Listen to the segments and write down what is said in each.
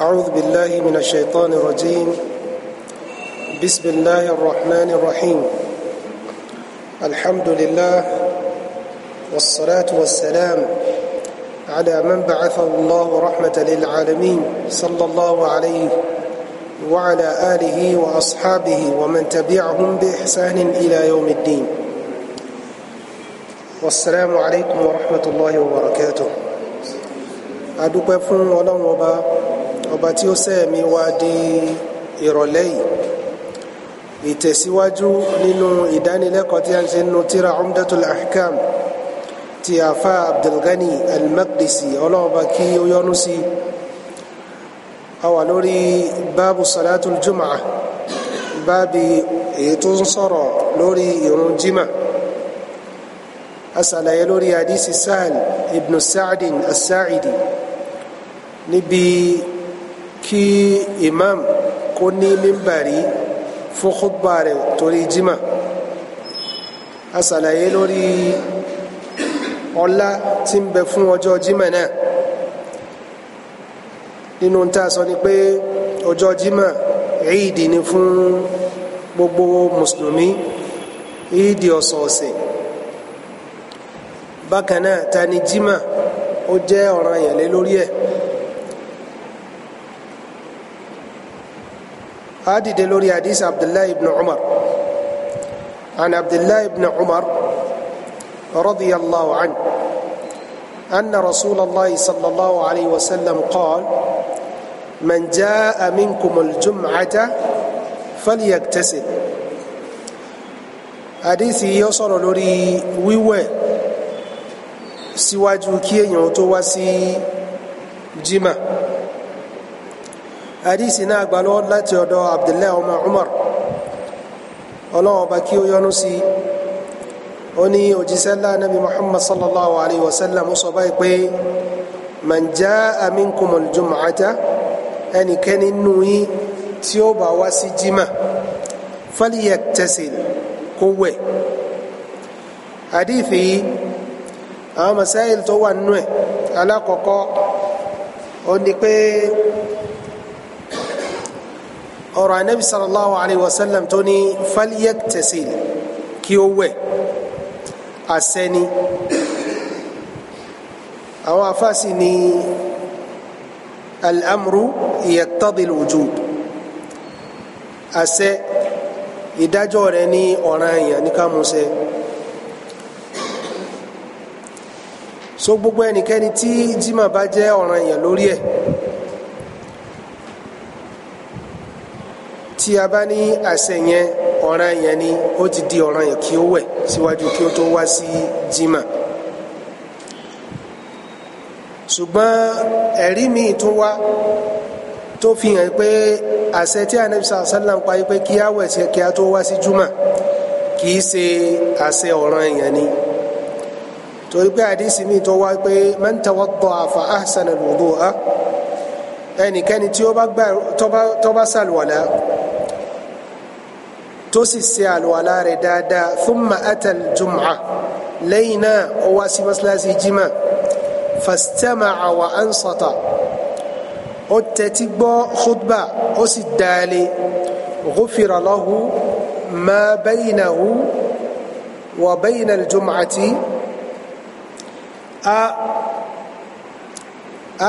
أعوذ بالله من الشيطان الرجيم بسم الله الرحمن الرحيم الحمد لله والصلاة والسلام على من بعث الله رحمة للعالمين صلى الله عليه وعلى آله وأصحابه ومن تبعهم بإحسان إلى يوم الدين والسلام عليكم ورحمة الله وبركاته أدوك فون ولا وبركاته ọba tí ó sẹ́ẹ̀mí wa di ìrọ̀lẹ́ yìí ìtẹ̀síwájú nínú ìdánilẹ́kọ̀ọ́ tí a ń ṣe nínú tíra umdatul ahkam ti afa abdulgani al-maqdisi ọlọ́ọ̀ba kí ó yọ́nú sí a wà lórí báàbù salatul jumaa báàbì èyí tó ń sọ̀rọ̀ lórí ìrun jimá a lórí hadisi sahal ibn sa'din as níbi kí imam kó ní mímbàrí fún khutba rẹ̀ torí jimá a ṣàlàyé lórí ọlá tí ń bẹ fún ọjọ́ jimá náà nínú tá a sọ ni pé ọjọ́ jimá ìdí ni fún gbogbo mùsùlùmí ìdí ọ̀sọ̀ọ̀sẹ̀ bákan náà ta ni jimá ó jẹ́ ọ̀ranyàn lé lórí ẹ̀. E هذه دلوري حديث عبد الله بن عمر عن عبد الله بن عمر رضي الله عنه ان رسول الله صلى الله عليه وسلم قال من جاء منكم الجمعه فليغتسل حديث يوصل لوري ويوه síwájú kí èèyàn tó wá sí hadisi náà gbalọ́ láti ọ̀dọ̀ abdullahi ọmọ umar ọlọ́run ọba kí ó yọ́nú sí i ó ní òjíṣẹ́ ńlá nabi muhammad sallallahu alayhi wa sallam sọ báyìí pé man jaa minkumul jum'ata ẹnikẹ́ni nù yín tí ó bá wá sí jimá falyattasil kó wẹ̀ hadithi yìí àwọn masáyìl tó wà nù ẹ̀ alákọ̀ọ́kọ́ ó ní pé ọ̀rọ̀ anabi sallallahu alayhi wa sallam tó ní faliyek tẹ̀síl kí ó wẹ̀ asẹ́ni àwọn afáàsì ní al-amru yaqtadil wujub asẹ́ ìdájọ́ rẹ̀ ní ọ̀ràn èèyàn ní kámúsẹ́ so gbogbo ẹnikẹ́ni tí jimá bá jẹ́ ọ̀ràn èèyàn lórí ẹ̀. tí a bá ní àṣẹ yẹn ọ̀ràn yẹn ni ó ti di ọ̀ràn yẹn kí ó wẹ̀ síwájú kí ó tó wá sí jimá ṣùgbọ́n ẹ̀rí mi tún wá tó fi hàn pé àṣẹ tí anabisa sallam pa pé kí á wẹ̀ sí kí á tó wá sí jumá kì í ṣe àṣẹ ọ̀ràn yẹn ni torí pé àdísì mi tó wá pé man tawadda'a fa ahsana ẹnikẹ́ni tí ó bá sàlùwàlá tó sì ṣe àlùwàlá rẹ̀ dáadáa thumma atal jum'a lẹ́yìn náà ó wá sí mọ́ṣáláṣí jimá fastama'a wa ansata ó tẹ́tí gbọ́ khutba ó sì dáálé ghufira lahu ma baynahu wa bayna al-jum'ati a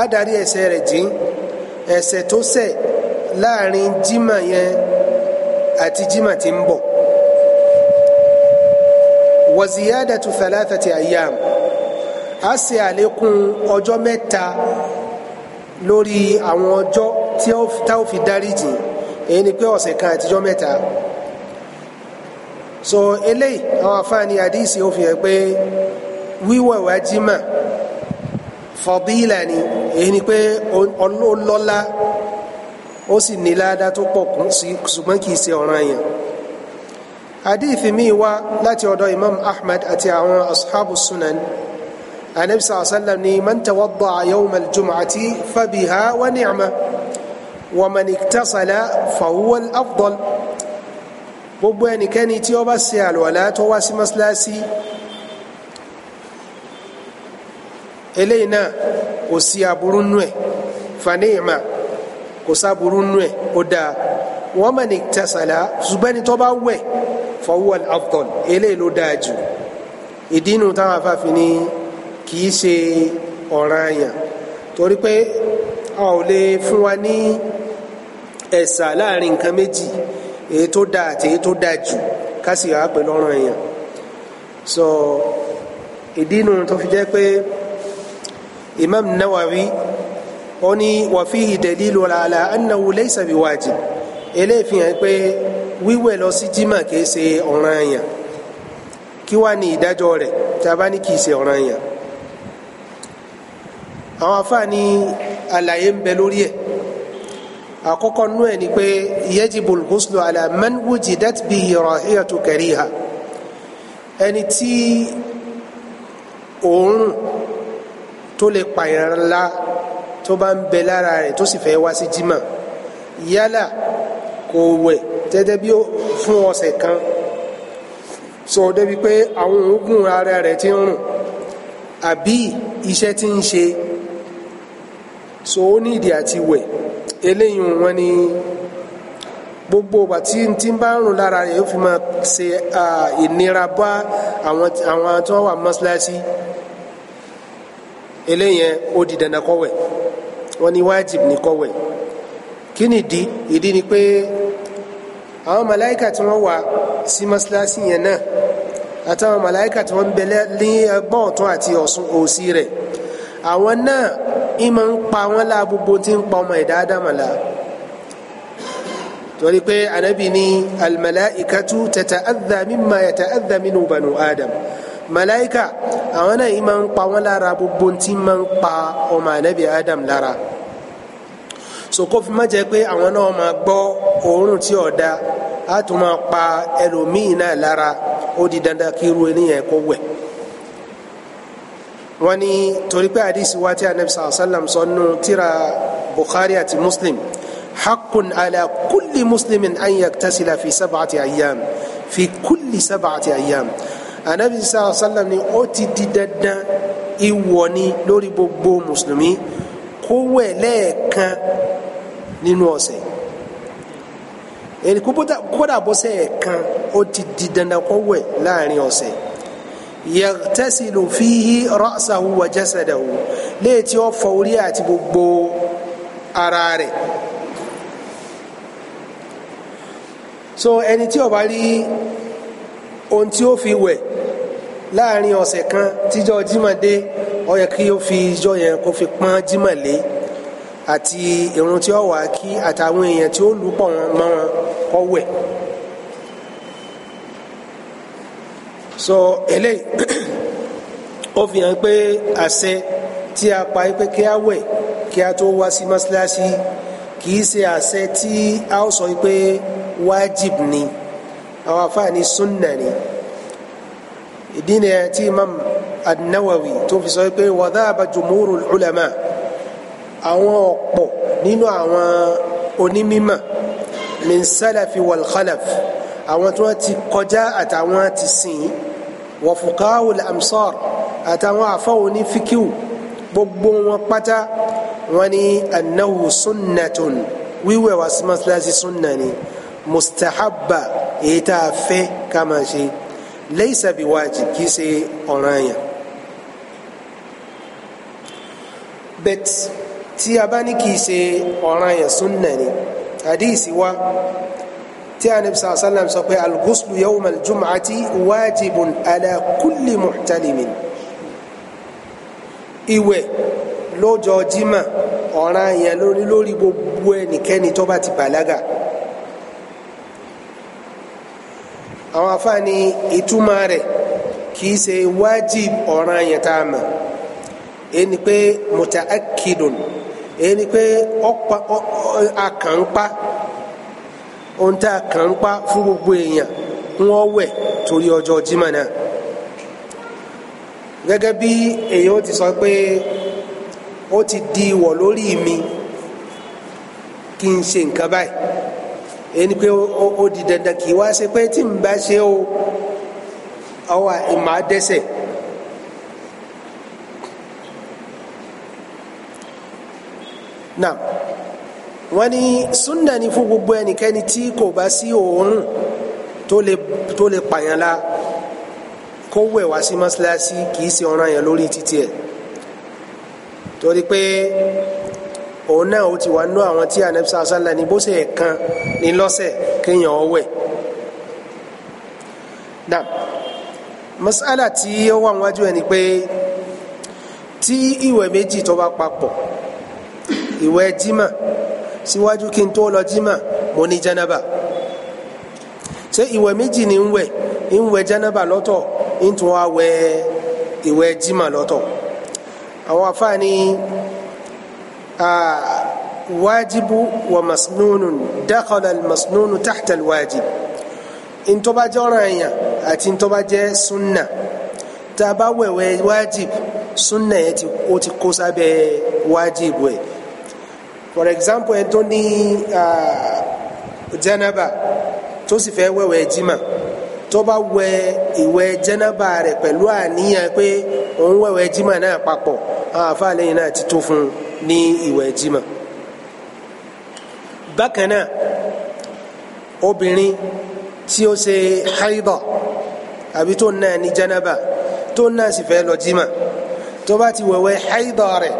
a darí ẹ̀ṣẹ̀ rẹ̀ jìn ẹ̀ṣẹ̀ tó ṣẹ̀ láàrin jimá yẹn àti jimá tí ń bọ̀ wa ziyadatu thalathati ayyam a ṣe àlékún ọjọ́ mẹ́ta lórí àwọn ọjọ́ tá ó fi dáríjì èyí ni pé ọ̀sẹ̀ kan àtijọ́ mẹ́ta so eléyìí àwọn afáàní àdíìsì ó fi hàn pé wíwẹ̀wà jimá fadila ni èyí ni pé ó ó sì ní ládá tó pọ̀ kún sí ṣùgbọ́n kì í ṣe yẹn hadithi míì wá láti ọ̀dọ̀ imam ahmed àti àwọn ashabu sunan anabi sallallahu alaihi wa sallam ni man tawadda'a yawma al fabi ha wa ni'ma wa man iktasala fahuwa al-afdal gbogbo ẹnikẹ́ni tí ó bá ṣe àlùwàlá tó wá sí masalasi eléyìí náà kò sí aburú nù ẹ̀ fa ni'ma. kò sáburú nù ẹ̀ ó dáa wọ́n mọ̀ ní tẹ̀sàlá ṣùgbọ́n ẹni tó bá wẹ̀ fọwọ́ afdol eléyìí ló dáa jù ìdí inú táwọn afáfin ni kì í ṣe ọ̀ranyàn torí pé a ò lè fún wa ní ẹ̀sà láàrin nǹkan méjì èyí tó dáa àti èyí tó dáa jù ká sì wá pẹ̀lú ọ̀ranyàn so ìdí inú tó fi jẹ́ pé Imam Nawawi ó ní wàfíì dalilu ala annahu laysa biwajib eléyìí fi hàn pé wíwẹ̀ lọ sí jimá kìí ṣe ọ̀ranyàn kí wàá ní ìdájọ́ rẹ̀ tá a bá ní kìí ṣe ọ̀ranyàn àwọn afáàní àlàyé ń bẹ lórí ẹ̀ àkọ́kọ́ nú ẹ̀ ni pé yajibul ghuslu ala man wujidat bihi rahiyatu kariha ẹni tí òórùn tó lè pààyàn la tó bá ń bẹ lára rẹ̀ tó sì fẹ́ wá sí jimá yálà kò wẹ̀ tẹ́tẹ́ bí fún ọ̀sẹ̀ kan sọ débi pé àwọn oògùn ara rẹ̀ ti ń rùn àbí iṣẹ́ tí ń ṣe so ó ní ìdí àti wẹ̀ eléyìí wọn ni gbogbo ìgbà tí n ti bá rùn lára rẹ̀ ó fi máa ṣe ìnira bá àwọn àwọn tí wọ́n wà mọ́ṣáláṣí eléyìí ó di dandan kó wọ́n ní wájib ní kọ́wẹ̀ kí ni ìdí ìdí ni pé àwọn màláìkà tí wọ́n wà sí mọ́sálásí yẹn náà àtàwọn màláìkà tí wọ́n ń bẹ̀lẹ̀ ní ẹgbọ́n ọ̀tún àti ọ̀sùn òsì rẹ̀ àwọn náà ìmọ̀ ń pa wọ́n lá tí ń pa ọmọ ẹ̀dá ádámàlà torí pé anabi ni almalaikatu tata adha mimma yata adha minu banu màláíkà àwọn náà yìí máa ń pa wọ́n lára gbogbo tí máa ń pa ọmọ ànábì Adam lára so kó fi má jẹ́ pé àwọn náà máa gbọ́ òórùn tí ọ̀dà á tún máa pa ẹlòmíì náà lára ó di dandan kí irú eléyẹn kó wẹ̀ wọ́n ní torí pé àdìsí wa tí anabi sàlám sọ nù tíra Bukhari àti Muslim hakun ala kulli muslimin an yaktasila fi sab'ati ayyam fi kulli sab'ati ayyam anabi sallallahu alayhi wa sallam ni ó ti di dandan ìwọ ni lórí gbogbo mùsùlùmí kó wẹ̀ lẹ́ẹ̀kan nínú ọ̀sẹ̀ èyí kódà bọ́sẹ̀ kan ó ti di dandan kó wẹ̀ láàrin ọ̀sẹ̀ yagtasilu fihi ra'sahu wa jasadahu léè tí ó àti gbogbo ara rẹ̀ so ẹni tí ó rí ohun tí ó fi wẹ̀ láàrin ọ̀sẹ̀ kan tíjọ́ jímọ̀ dé ó yẹ kí ó fi ijọ́ yẹn kó fi pọ́n jímọ̀ lé àti irun tí ó wà kí àtàwọn èèyàn tí ó lù pọ̀ mọ́ wọn kó wẹ̀. so eléyìí ó fi hàn pé àṣẹ tí a pa pé kí a wẹ̀ kí a tó wá sí mọ́ṣáláṣí kì í ṣe àṣẹ tí a ó sọ pé wájib ni àwọn afáàní sunna ni ìdí ni ẹ tí imam an-Nawawi tó fi sọ pé wa dhahaba jumhurul ulama àwọn ọ̀pọ̀ nínú àwọn onímímọ̀ min salafi wal khalaf àwọn tí wọ́n ti kọjá àtàwọn ti sìn wa fuqahul amsar àtàwọn àfáwọn onífíkìwù gbogbo wọn pátá wọn ni annahu sunnatun wíwẹ̀ wá sí masalasi sunna ni mustahabba èyí tá a fẹ́ ká máa ṣe laysa bi wajib kì í ṣe ọ̀ranyàn. bet tí a bá ní kì í ṣe ọ̀ranyàn súnnà ni àdíìsí wa tí anabi sàlá sàlám sọ pé al-ghuslu yawma al-jum'ati wajibun ala kulli muhtalimin ìwẹ̀ lọ́jọ́ jimá ọ̀ranyàn lórí lórí gbogbo ẹnikẹ́ni tó bá ti bàlágà. àwọn afáàní ìtumọ̀ rẹ̀ kìí ṣe wájib ọ̀ràn yẹn tá a mọ̀ ẹni pé muta'akkidun ẹni pé ọ̀pá àkànpá ohun pa fún gbogbo èèyàn wọ́n wẹ̀ torí ọjọ́ jimá náà gẹ́gẹ́ bí èèyàn ti sọ pé ó ti di ìwọ̀ lórí mi kí n ṣe nǹkan báyìí ẹni pé ó di dandan kì í wá ṣe pé tí n bá ṣe o ọwọ́ màá dẹ́ṣẹ̀. náà wọ́n ní súnà ní fún gbogbo ẹnikẹ́ni tí kò bá sí òórùn tó lè pààyàn la kó wẹ̀ wá sí mọ́ṣáláṣí kì í ṣe ọ̀ranyàn lórí títí ẹ̀ torí pé òun náà ó ti wà nú àwọn tí anabi sàlá sàlá ní bó kan ní lọ́sẹ̀ kéèyàn ọwẹ́ náà masala tí ó wà níwájú ẹ ni pé tí ìwẹ̀ méjì tó bá papọ̀ ìwẹ̀ jimá síwájú kí n tó lọ jimá mo ní janaba ṣé ìwẹ̀ méjì ni ń wẹ̀ ń wẹ̀ janaba lọ́tọ̀ ń tún wá wẹ̀ ìwẹ̀ jimá lọ́tọ̀ àwọn afáàní. واجب ومسنون دخل المسنون تحت الواجب in tó bá jẹ́ ọ̀ranyàn àti in tó bá jẹ́ sunna tá a bá wẹ̀wẹ̀ wájib sunna yẹn ó ti kó sábẹ́ wájib wẹ̀ for example ẹni tó ní jẹ́nàbà tó sì fẹ́ wẹ̀wẹ̀ jimá tó bá wẹ̀ ìwẹ̀ jẹ́nàbà rẹ̀ pẹ̀lú àníyàn pé òun wẹ̀wẹ̀ jimá náà papọ̀ àwọn lẹ́yìn náà ti tó fún un ní ìwẹ̀ jimá bákan náà obìnrin tí ó ṣe haidọ àbí tó náà ní janaba tó náà sì fẹ́ lọ jimá tó bá ti wẹ̀wẹ̀ haidọ rẹ̀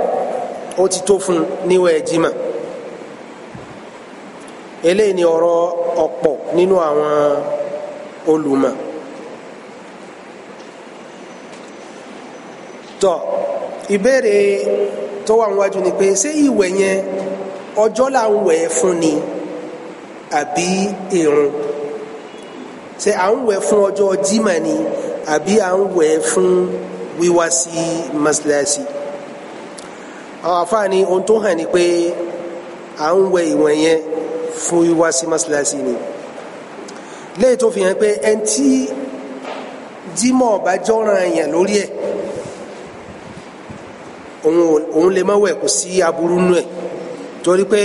ó ti tó fún níwẹ̀ jimá eléyìí ni ọ̀rọ̀ ọ̀pọ̀ nínú àwọn olùmọ̀ tọ́ ìbéèrè tó wà níwájú ni pé ṣé ìwẹ̀ yẹn ọjọ́ là ń wẹ̀ fún ni àbí irun ṣé à ń wẹ̀ fún ọjọ́ jimá ni àbí à ń wẹ̀ fún wíwá sí mọ́ṣáláṣí àwọn afáàní ohun tó hàn ni pé à ń wẹ̀ ìwẹ̀ yẹn fún wíwá sí mọ́ṣáláṣí ni léyìí tó fi hàn pé ẹni tí jimá ọba jọ́ràn yẹn lórí ẹ̀ òun lè má wẹ̀ kò sí aburú nù ẹ̀ torí pé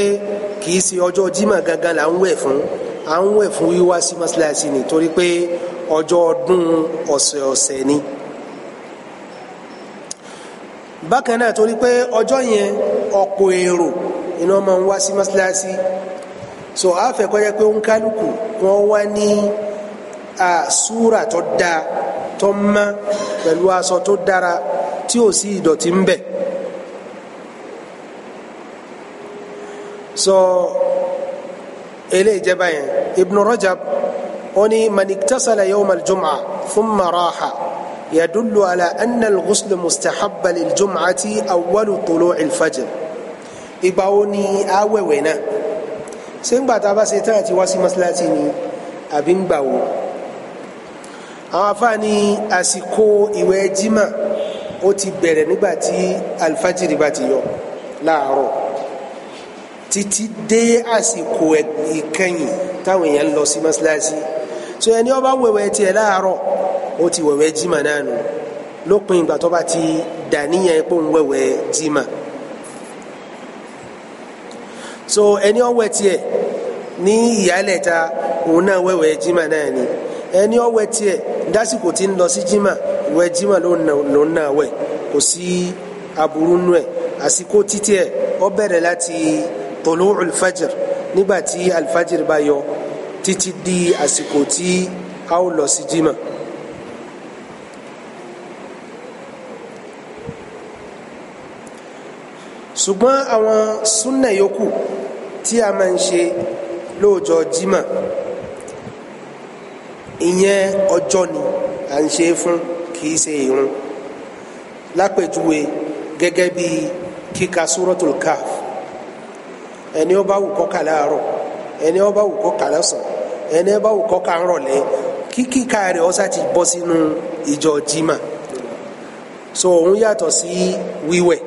kì í ṣe ọjọ́ jimá gangan là ń wẹ̀ fún à ń wẹ̀ fún wíwá sí mọ́ṣáláṣí ni torí pé ọjọ́ ọdún ọ̀sẹ̀ọ̀sẹ̀ ni bákan náà torí pé ọjọ́ yẹn ọ̀pọ̀ èrò iná máa ń wá sí mọ́ṣáláṣí so àfẹ́ kó jẹ́ ń kálukú wọ́n wá ní súrà tó dáa tó mọ́ pẹ̀lú aṣọ tó dára tí ò sí ìdọ̀tí ń bẹ. sọ eléyìí jẹ́ báyẹn Ibn Rajab ó ní man iktasala yawma al-jum'a thumma raha yadullu ala anna al-ghusl mustahabba lil-jum'ati awwalu tulu'i al-fajr ìgbà wo ni awẹ̀wẹ̀ náà ṣé ń gbà tá a bá ṣe tán àti wá sí mọ́ṣáláṣí ni àbí ń gbà wò àwọn afáàní àsìkò ìwẹ̀ jimá ó ti bẹ̀rẹ̀ nígbà tí alifájìrì bá ti yọ láàárọ̀ títí dé àsìkò ìkẹyìn táwọn èèyàn lọ sí mọ́ṣáláṣí so ẹni ó bá wẹ̀wẹ̀ tiẹ̀ láàárọ̀ ó ti wẹ̀wẹ̀ jimá náà nù lópin ìgbà tó bá ti dàníyàn pé òun wẹ̀wẹ̀ jimá so ẹni ó tiẹ̀ ní ìyálẹ̀ta òun náà wẹ̀wẹ̀ jimá náà ni ẹni ó wẹ̀ tiẹ̀ dásìkò tí ń lọ sí jimá ìwẹ̀ jimá ló ń náà wẹ̀ kò sí aburú nù ẹ̀ àsìkò títí ẹ̀ ó bẹ̀rẹ̀ láti tolu alfajr nígbà tí alfajr bá yọ títí di àsìkò tí a ó lọ sí jimá. ṣùgbọ́n àwọn súnnà yòókù tí a máa ń ṣe lóòjọ́ jimá ìyẹn ọjọ́ ni à ń ṣe fún kì í ṣe ìrun lápèjúwe gẹ́gẹ́ bí suratul kaf ẹni ó bá wù kó kà láàárọ̀ ẹni ó bá wù kó kà lọ́sàn ẹni ó bá wù kó kà ńrọ̀lẹ́ kíkà rẹ̀ ọ̀sà ti bọ́ sínú ìjọ jimá so òun yàtọ̀ sí wíwẹ̀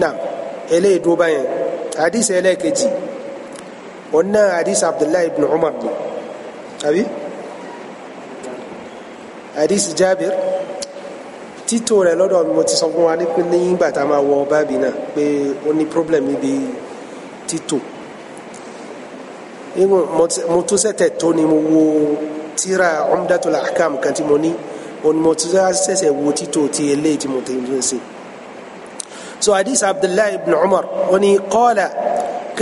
náà eléyìí dúró báyẹn hadith ẹlẹ́ẹ̀kejì òun náà hadith abdullahi ibn umar ni àbí hadith jabir títò rẹ̀ lọ́dọ̀ mo ti sọ fún wa ní pé nígbà tá a máa wọ báàbí náà pé ó ní problem níbi títò mo tún sẹ̀tẹ̀ tó ni mo wo tíra Umdatul Ahkam kan tí mo ní òun mo tún sẹ̀sẹ̀ wo títò ti eléyìí tí mo ti ń sè so hadith Abdullahi ibn Umar ó ní qala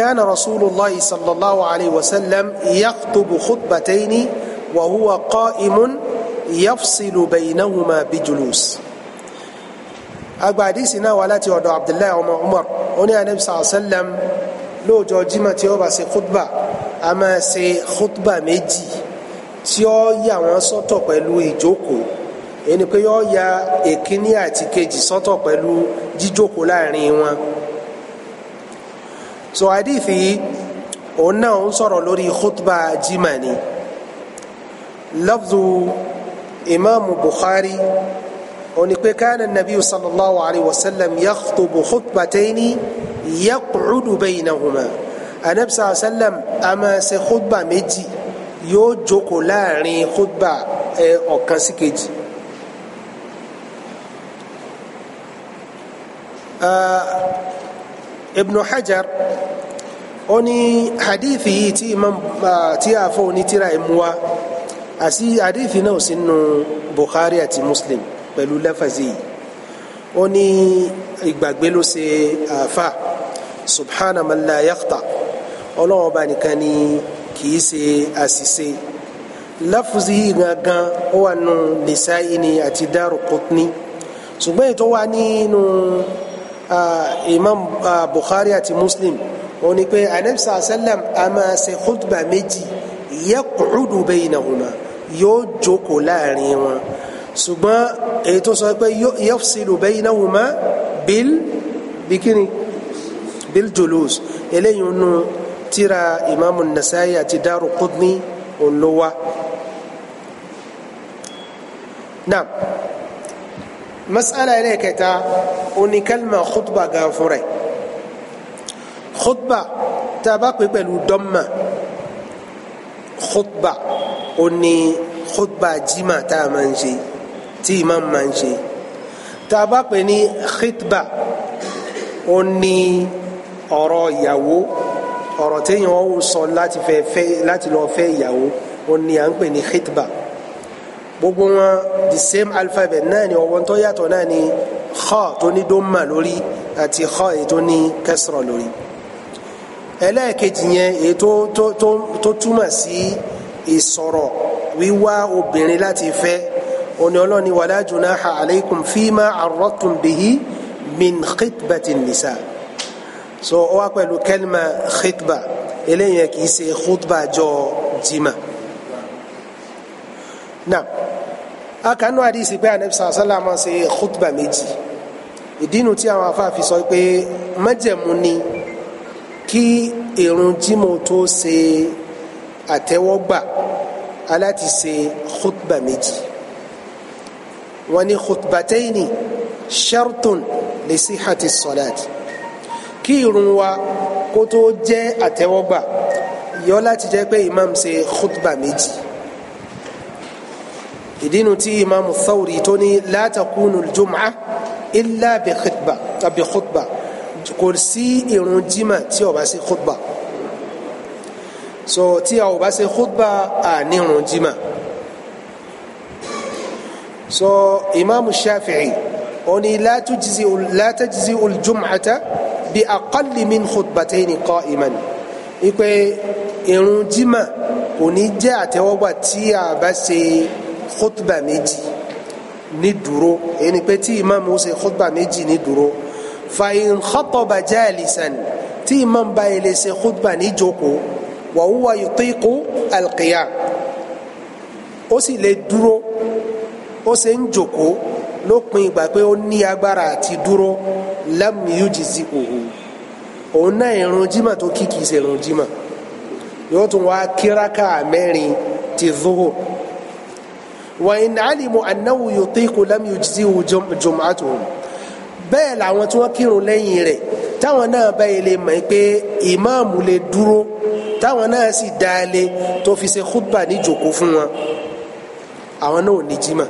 كان رسول الله صلى الله عليه وسلم يخطب خطبتين وهو قائم يفصل بينهما بجلوس agba àdìsí náà wá láti ọ̀dọ̀ abdullahi ọmọ umar oní anabi sàlẹ́m lóòjọ́ jimá tí ó bá ṣe khutba a máa ṣe khutba méjì tí ó yà wọ́n sọ́tọ̀ pẹ̀lú ìjókòó ẹni pé yóò ya èkíní àti kejì sọ́tọ̀ pẹ̀lú jíjókòó láàrin wọn so àdìsí òun náà ń sọ̀rọ̀ lórí khutba jimá ni lafzu imaamu bukhari oni pé kánà nabiyu sallallahu alayhi wa sallam yakhtubu khutbatayni yaqudu baynahuma anabi sallallahu alayhi wa sallam a máa ṣe khutba méjì yóò jókòó láàrin khutba ọ̀kan sí kejì. ibnu hajar ó ní hadithi yìí tí imam tí a fọ́ onítìrà ẹ̀ mú wa àti hadithi náà sínú bukhari àti muslim pẹ̀lú lẹ́fàzì ó ní ìgbàgbé ló ṣe àáfà subhana man la yakhta ọlọ́run ọba nìkan ni kìí ṣe àṣìṣe lẹ́fàzì gangan ó wà nù nìsáyìí ni àti dárò kùtùní ṣùgbọ́n ètò wa nínú imam bukhari àti muslim ó ní pé anabisa asalam a máa ṣe khutba méjì yaqudu baynahuma yóò jókòó láàrin wọn ṣùgbọ́n èyí tó sọ pé yafsilu baynahuma bil bikini bil julus eléyìí nù tíra ìmáàmù Nasa'i àti Daru Qutni olówá. naam masala ẹlẹ́kẹta oníkálmà khutba gan fúnra ẹ̀ khutba tá a bá pè pẹ̀lú dọ́mà khutba oní khutba jimá tá a máa ń ṣe tí imam máa ń ṣe tá a bá pè ní khitba ó ní ọ̀rọ̀ ìyàwó ọ̀rọ̀ téèyàn ó sọ láti fẹ́ fẹ́ láti lọ fẹ́ ìyàwó ó ní à ń pè ní khitba gbogbo wọn the same alphabet náà ni ọwọ́n tó yàtọ̀ náà ni kha tó ní dómà lórí àti kha èyí tó ní kẹsìrọ̀ lórí ẹlẹ́ẹ̀kejì yẹn èyí tó tó tó túmọ̀ sí ìsọ̀rọ̀ wíwá obìnrin láti fẹ́ òní ọlọ́ni wàlá junaha aleikum fíìmà arọ́tún bìhí min khitbati nisa so ó wá pẹ̀lú kẹ́lìmà khitba eléyìí kì í ṣe khutba jọ jimá náà akanu hadisi pé anabi sàlá sàlá máa ṣe khutba méjì ìdínú tí àwọn afáàfi sọ pé májẹ̀mú ni kí ìrun jímọ̀ tó ṣe àtẹ́wọ́gbà aláti ṣe khutba méjì wọ́n ní khutbataini shartun li sihati salat kí irun wa kó tó jẹ́ àtẹ́wọ́gbà yọ láti jẹ́ pé imam ṣe khutba méjì ìdínú tí imam Thawri tó ní la takunu al-jum'a illa bi khutba tàbí khutba kò sí irun jimá tí ó bá sí khutba so tí a ò bá ṣe khutba à ní irun jimá. Ah, so imam shafi'i oni la tujzi la tajzi al jum'ata bi aqall min khutbatayn qa'iman ipe ìrun jima kò ní jẹ́ àtẹ́wọ́gbà tí a bá ṣe khutba méjì ní dúró ẹni pé tí imam ó ṣe khutba méjì ní dúró fa in khataba jalisan tí imam bá ilé ṣe khutba ní jókòó wa huwa yutiqu al qiyam ó sì lè dúró ó ṣe ń jòkó lópin ìgbà pé ó ní agbára àti dúró lam yujzi òhù òun náà ìrun jimá tó kí kìí ṣe ìrun jimá yóò tún wá kíráka mẹ́rin ti zuhur wa in alimu annahu yutiqu lam yujzi jum'atuhum bẹ́ẹ̀ làwọn tí wọ́n kírun lẹ́yìn rẹ̀ táwọn náà bá lè mọ̀ pé ìmáàmù lè dúró táwọn náà sì dáa lé tó fi ṣe khutba ní jòkó fún wọn àwọn náà ò ní jimá.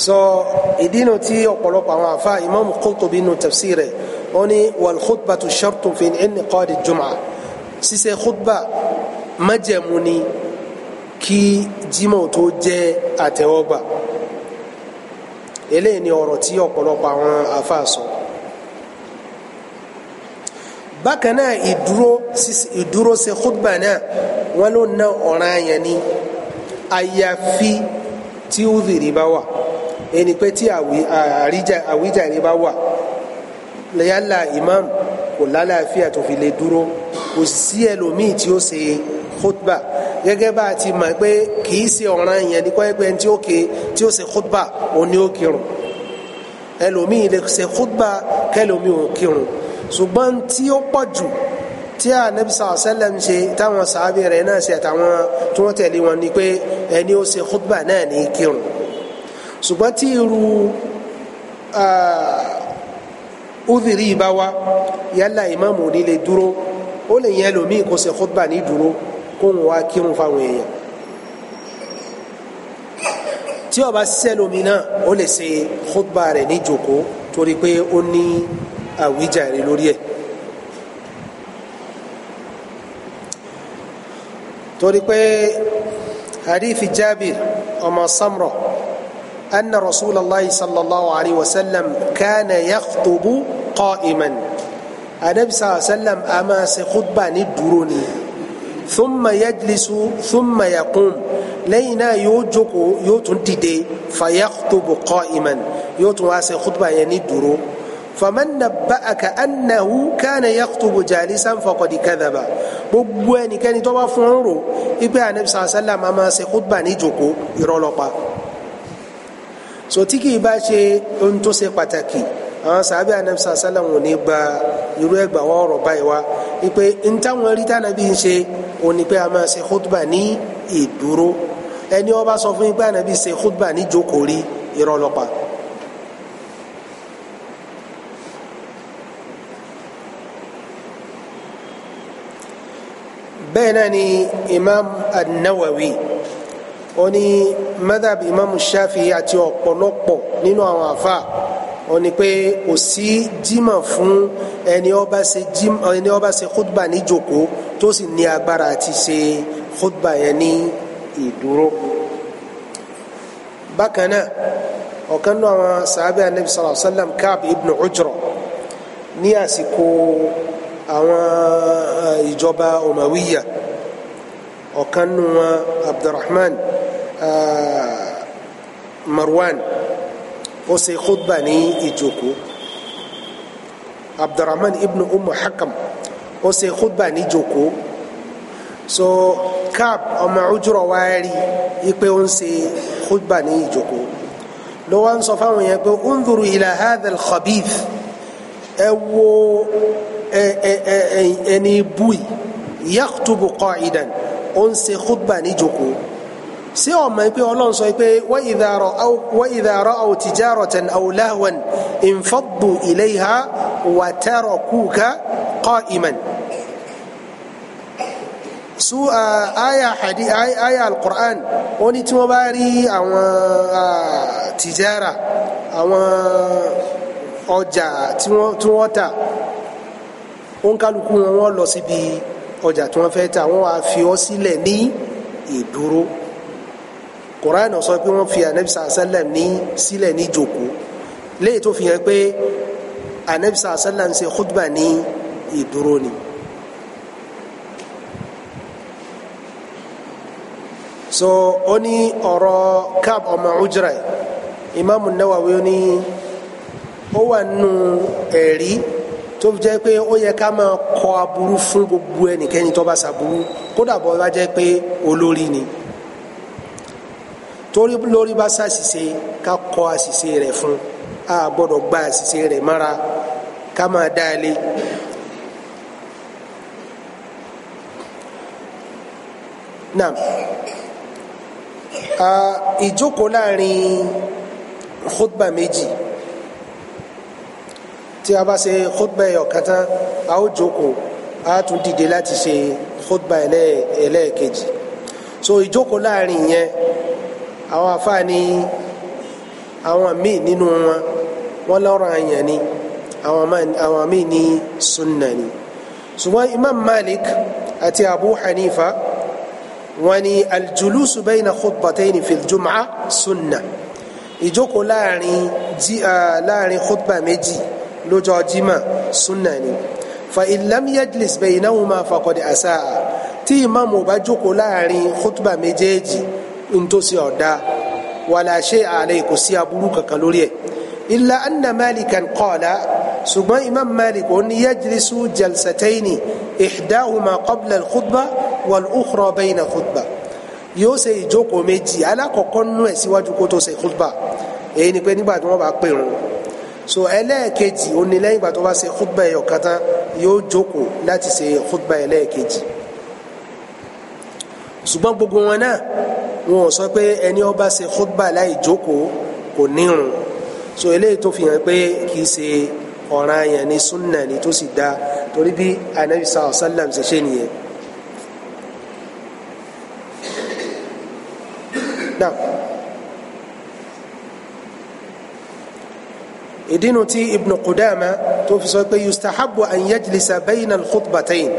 so ìdínú tí ọ̀pọ̀lọpọ̀ àwọn àfa imam Qurtubi nù tafsir rẹ̀ ó ní wal khutbatu shartu fi inqadi jum'a ṣíṣe khutba májẹ̀mú ni kí jimoh tó jẹ́ àtẹ̀wọ́gbà eléyìí ni ọ̀rọ̀ tí ọ̀pọ̀lọpọ̀ àwọn àfa sọ bákan náà ìdúró ìdúró ṣe khutba náà wọn ló ná ọ̀ranyàn ni àyàfi tí ó dìrì bá wà ẹni pé tí àwíjàre bá wà yálà imam kò lálàáfíà tó fi lè dúró kò sí ẹlòmíì tí ó ṣe khutba gẹ́gẹ́ bá a ti mọ̀ pé kì í ṣe ọ̀ràn yẹn ní kọ́ẹ́pẹ́ tí ó ṣe khutba òun ni ó kírun ẹlòmíì lè ṣe khutba kẹlòmíì ò kírun ṣùgbọ́n tí ó pọ̀ jù tí Ànábì sàlẹ́m ṣe táwọn sàábì rẹ̀ náà ṣe àtàwọn tí wọ́n tẹ̀lé wọn ni pé ẹni ó ṣe khutba náà ní kírun ṣùgbọ́n tí irú udhiri bá wá yálà ìmáàmù ní lè dúró ó lè yẹn lòmíì kó ṣe khutba ní dúró kó ń wá kírun fáwọn èèyàn tí ó bá ṣiṣẹ́ lómi náà ó lè ṣe khutba rẹ̀ ní jòkó torí pé ó ní àwíjàre lórí ẹ̀ torí pé hadith Jabir ọmọ Samra. أن رسول الله صلى الله عليه وسلم كان يخطب قائما النبي صلى الله عليه وسلم أما سخطبة ندروني ثم يجلس ثم يقوم لينا يوجوكو يوتن تدي فيخطب قائما يوتن واسي خطبة يعني فمن نبأك أنه كان يخطب جالسا فقد كذب gbogbo ẹnikẹ́ni tó bá fún un rò ipe anabi sàlẹ̀ sàlẹ̀ máa ma so tí kì í bá ṣe ohun tó ṣe pàtàkì àwọn sàbẹ anamsa sálà wọn ní gba irú ẹgbà wọn ọ̀rọ̀ báyìí wá ipe n táwọn rí tànàbí ń ṣe òun ni pé a máa ṣe khutba ní ìdúró ẹni ó bá sọ fún yín pé ànàbí ṣe khutba ní jókòó rí irọ́ lọ́pàá. bẹ́ẹ̀ náà ni imam an-Nawawi oní madhab imam shafi'i àti ọ̀pọ̀lọpọ̀ nínú àwọn àfa oní pé kò sí jimá fún ẹni ó bá ṣe jimá ẹni ó bá ṣe khutba ní jókòó tó sì ní agbára àti ṣe khutba yẹn ní ìdúró bákan náà ọ̀kan náà àwọn sàábẹ́ anabi sallallahu alayhi wa sallam káàb ní àsìkò àwọn ìjọba umawiya ọ̀kan nu wọn abdulrahman Marwan ó ṣe khutba ní ìjòkó Abdurrahman ibn Umm Hakam ó ṣe khutba ní ìjòkó so Kaab ọmọ Ujra wá rí i pé ó ń ṣe khutba ní ìjòkó ló wá ń sọ fáwọn yẹn pé unzuru ila hadha al-khabith ẹ wo ẹni bui yakhtubu qa'idan ó ń ṣe khutba ní ìjòkó ṣé ọmọ pé ọlọ́run sọ pé wa idha ra'aw tijaratan aw lahwan infaddu ilayha wa tarakuka qa'iman. su aya hadi aya alquran ó ní tí wọ́n bá rí àwọn tìjára àwọn ọjà tí wọ́n tà wọn kálukú wọn wọ́n lọ síbi ọjà tí wọ́n fẹ́ tà wọ́n wá fi ọ́ sílẹ̀ ní ìdúró. E Quran sọ pé wọ́n fi anabi sàlẹ̀ ní sílẹ̀ ní jòkó léyìí tó fi hàn pé anabi sàlẹ̀ ń ṣe khutba ní ìdúró ni. so ó ní ọ̀rọ̀ Ka'b ọmọ Ujra Imam Nawawi ó ní ó wà nù ẹ̀rí tó jẹ́ pé ó yẹ ká máa kọ aburú fún gbogbo ẹnikẹ́ni tó bá ṣàburú kódà bọ́ bá jẹ́ pé olórí ni torí lórí bá ṣàṣìṣe ká kọ àṣìṣe rẹ̀ fún a gbọ́dọ̀ gba àṣìṣe rẹ̀ mọ́ra ká máa dá a lé. naam ìjókòó láàrin khutba méjì tí a bá ṣe khutba ẹ̀yọ̀kan tán a ó jókòó a tún dìde láti ṣe khutba ẹlẹ́ẹ̀kejì so ìjókòó láàrin yẹn àwọn afáàní àwọn míì nínú wọn wọn lọ́rọ̀ àyàn ni àwọn míì ní sunna ni ṣùgbọ́n imam malik àti abu hanifa wọn ni aljulusu bayna khutbatayni fil jum'a sunna ìjókòó láàrin jí láàrin khutba méjì lọ́jọ́ jimá sunna ni fa illam yajlis baynahuma faqad asaa tí imam ò bá jókòó láàrin khutba méjèèjì ntòsí ọ̀dà wàlà ṣe àlẹ́ kò sí aburú kankan lórí ẹ̀ illa anna malikan qala ṣùgbọ́n imam malik ò ní yajlisu jalsataini ihdahuma qabla al-khutba wal-ukhra bayna khutba yóò ṣe ìjókòó méjì alákọ̀ọ́kọ́ nú ẹ̀ síwájú kó tó ṣe khutba èyí ni pé nígbà tí wọ́n bá pè rún so ẹlẹ́ẹ̀kejì ó ní lẹ́yìn ìgbà tó bá ṣe khutba ẹ̀yọ̀ kan tán yóò jókòó láti ṣe khutba ẹlẹ́ẹ̀kejì ṣùgbọ́n gbogbo wọn náà wọn ò sọ pé ẹni ó bá ṣe khutba láì jókòó kò nírun so eléyìí tó fi hàn pé kì í ṣe ọ̀ràn yẹn ni sunna ni tó sì da torí bí anabi sallallahu alayhi ṣe ṣe nìyẹn. náà ìdínú tí ibn Qudama tó fi sọ pé yustahabu an yajlisa bayna al-khutbatayn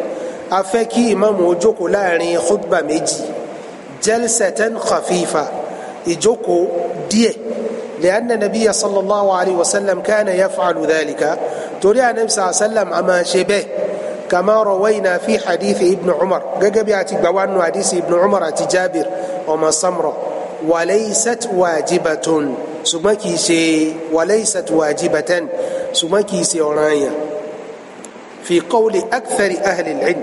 afẹ́ kí ìmáàmù ó láàrin khutba méjì. جلسة خفيفة يجوكو دي لأن النبي صلى الله عليه وسلم كان يفعل ذلك ترى النبي صلى الله عليه وسلم أما شبه كما روينا في حديث ابن عمر قبل أتقوان حديث ابن عمر أتجابر وما سمره وليست واجبة سمكي شي وليست واجبة سمكي شي ورايا في قول أكثر أهل العلم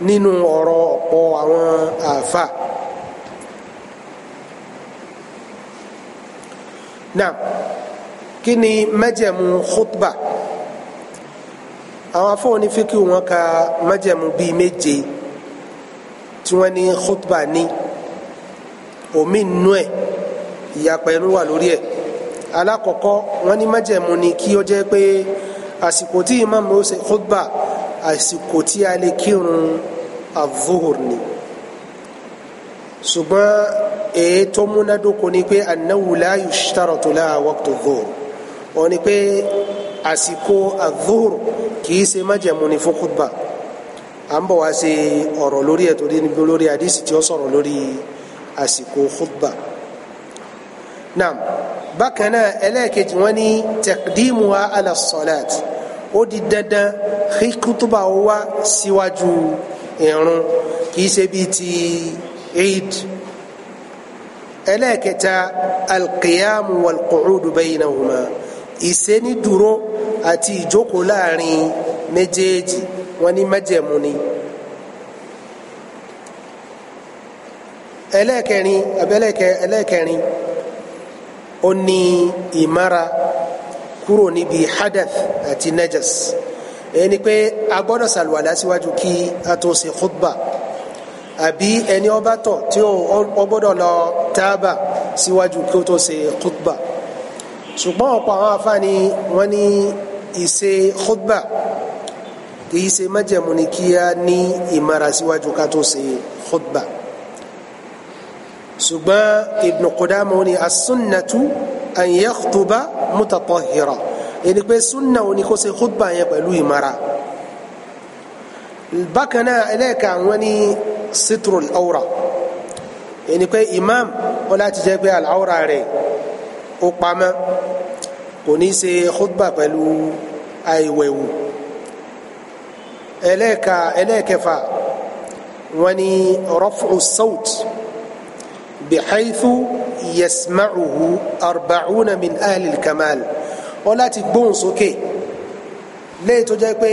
نينو akthari ahli أفا náà kí ni májẹ̀mú khutba àwọn afọ́wọ́ni fíkì wọn ka májẹ̀mú bíi méje tí wọ́n ní khutba ní omi nù ẹ̀ ìyapa ẹnu wà lórí ẹ̀ alákọ̀ọ́kọ́ wọ́n ní májẹ̀mú ni kí ó jẹ́ pé àsìkò tí imam ó ṣe khutba àsìkò tí a lè kírun avuhur ni ṣùgbọ́n èyí tó múnádóko ni pé annahu la yushtaratu laha waqtu dhuhr ó ní pé àsìkò adhuhr kìí ṣe májẹ̀mú ni fún khutba à ń bọ̀ wá ṣe ọ̀rọ̀ lórí ẹ̀ torí níbi lórí àdísì tí ó sọ̀rọ̀ lórí àsìkò khutba naam bákan náà ẹlẹ́ẹ̀kejì wọ́n ní taqdimuha ala salat ó di dandan kí khutba wá síwájú ìrun kìí ṣe bíi ti eid ẹlẹ́ẹ̀kẹta alqiyamu walquudu baynahuma ìsẹ́ni dúró àti ìjókòó láàrin méjèèjì wọn ní májẹ̀mú ni ẹlẹ́ẹ̀kẹrin abẹ́lẹ́kẹ ẹlẹ́ẹ̀kẹrin ó ní ìmára kúrò níbi hadath àti najas ẹni pé a gbọ́dọ̀ ṣàlùwàlá síwájú kí a tó ṣe khutba àbí ẹni ọba tọ̀ tí ó gbọ́dọ̀ lọ tábà síwájú kí ó tó ṣe khutba ṣùgbọ́n ọ̀pọ̀ àwọn afáàní wọ́n ní ìṣe khutba kì í ṣe májẹ̀mú ni kí a ní ìmara síwájú ká tó ṣe khutba ṣùgbọ́n Ibn Qudama ni as-sunnatu an yakhtuba mutatahhira ẹni pé sunna òní kó ṣe khutba yẹn pẹ̀lú ìmara bákan náà ẹlẹ́ẹ̀ka àwọn ní sitrul awra ẹni pé imam ó láti jẹ́ pé al-awra rẹ̀ ó pamọ́ kò ní ṣe khutba pẹ̀lú àìwẹ̀wù ẹlẹ́ẹ̀ka ẹlẹ́ẹ̀kẹfà wọ́n ní raf'u sawt bihaythu yasma'uhu arba'una min ahli al-kamal ó láti gbóhùn sókè léyìí tó jẹ́ pé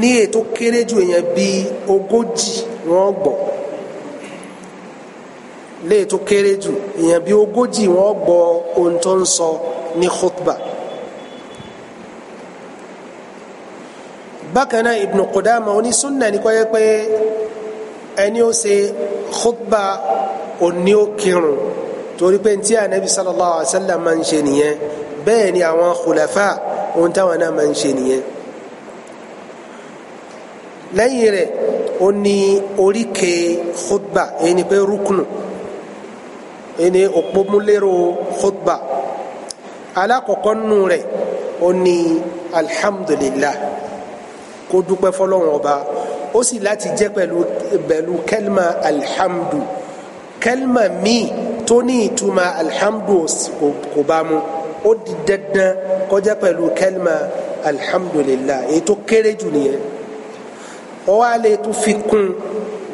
ní ètò kéré ju èèyàn bíi ogójì wọ́n gbọ́ lè tó kéré jù èèyàn bíi ogójì wọ́n gbọ́ ohun tó ń sọ ní khutba. bákan náà Ibn Qudama onísúnnà ní kò yẹ pé ẹni ó ṣe khutba òní ó kírun torí pé ntí ànábi sallallahu alayhi wa sallam máa ń ṣe nìyẹn bẹ́ẹ̀ ni àwọn khulafa ohun táwọn náà máa ń ṣe nìyẹn lẹ́yìn rẹ̀ ó ní oríkè khutba èyí ni pé rukunu èyí ni òpómúlérò khutba alákọ̀ọ́kọ́ nù rẹ̀ ó ní alhamdulilah kó dúpẹ́ fọlọ́run ọba ó sì láti jẹ́ pẹ̀lú pẹ̀lú kẹlma alhamdu kẹlma míì tó ní ìtumọ̀ alhamdu kò bá mu ó di dandan kó pẹ̀lú kẹlma alhamdulilah èyí tó kéré jù nìyẹn wọ́n wá lè tún fi kún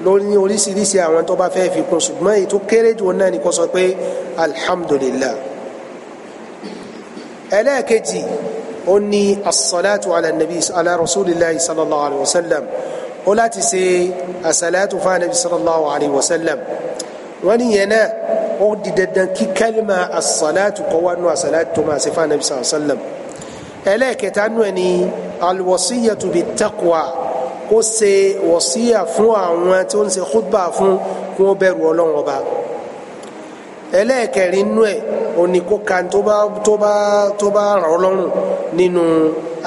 lórí oríṣiríṣi àwọn tó bá fẹ́ fi kún ṣùgbọ́n èyí tó kéré jù náà ni kò sọ pé alhamdulillah ẹlẹ́ẹ̀kejì ó ní asalaatu ala nabi ala rasulillahi sallallahu alayhi wa sallam ó láti ṣe asalaatu fa nabi sallallahu alayhi wa sallam wọ́n ní yẹn náà ó di dandan kí kálímà asalaatu kọ́ wá nù asalaatu tó máa ṣe fa nabi sallallahu alayhi wa sallam ẹlẹ́ẹ̀kẹta nù ẹni alwasiyatu bi taqwa kó ṣe wọ̀síyà fún àwọn tí ó ń ṣe khutba fún kí wọ́n bẹ̀rù ọlọ́run ọba ẹlẹ́ẹ̀kẹrin nú ẹ̀ òní kó kan tó bá tó bá tó bá ràn ọ́ lọ́rùn nínú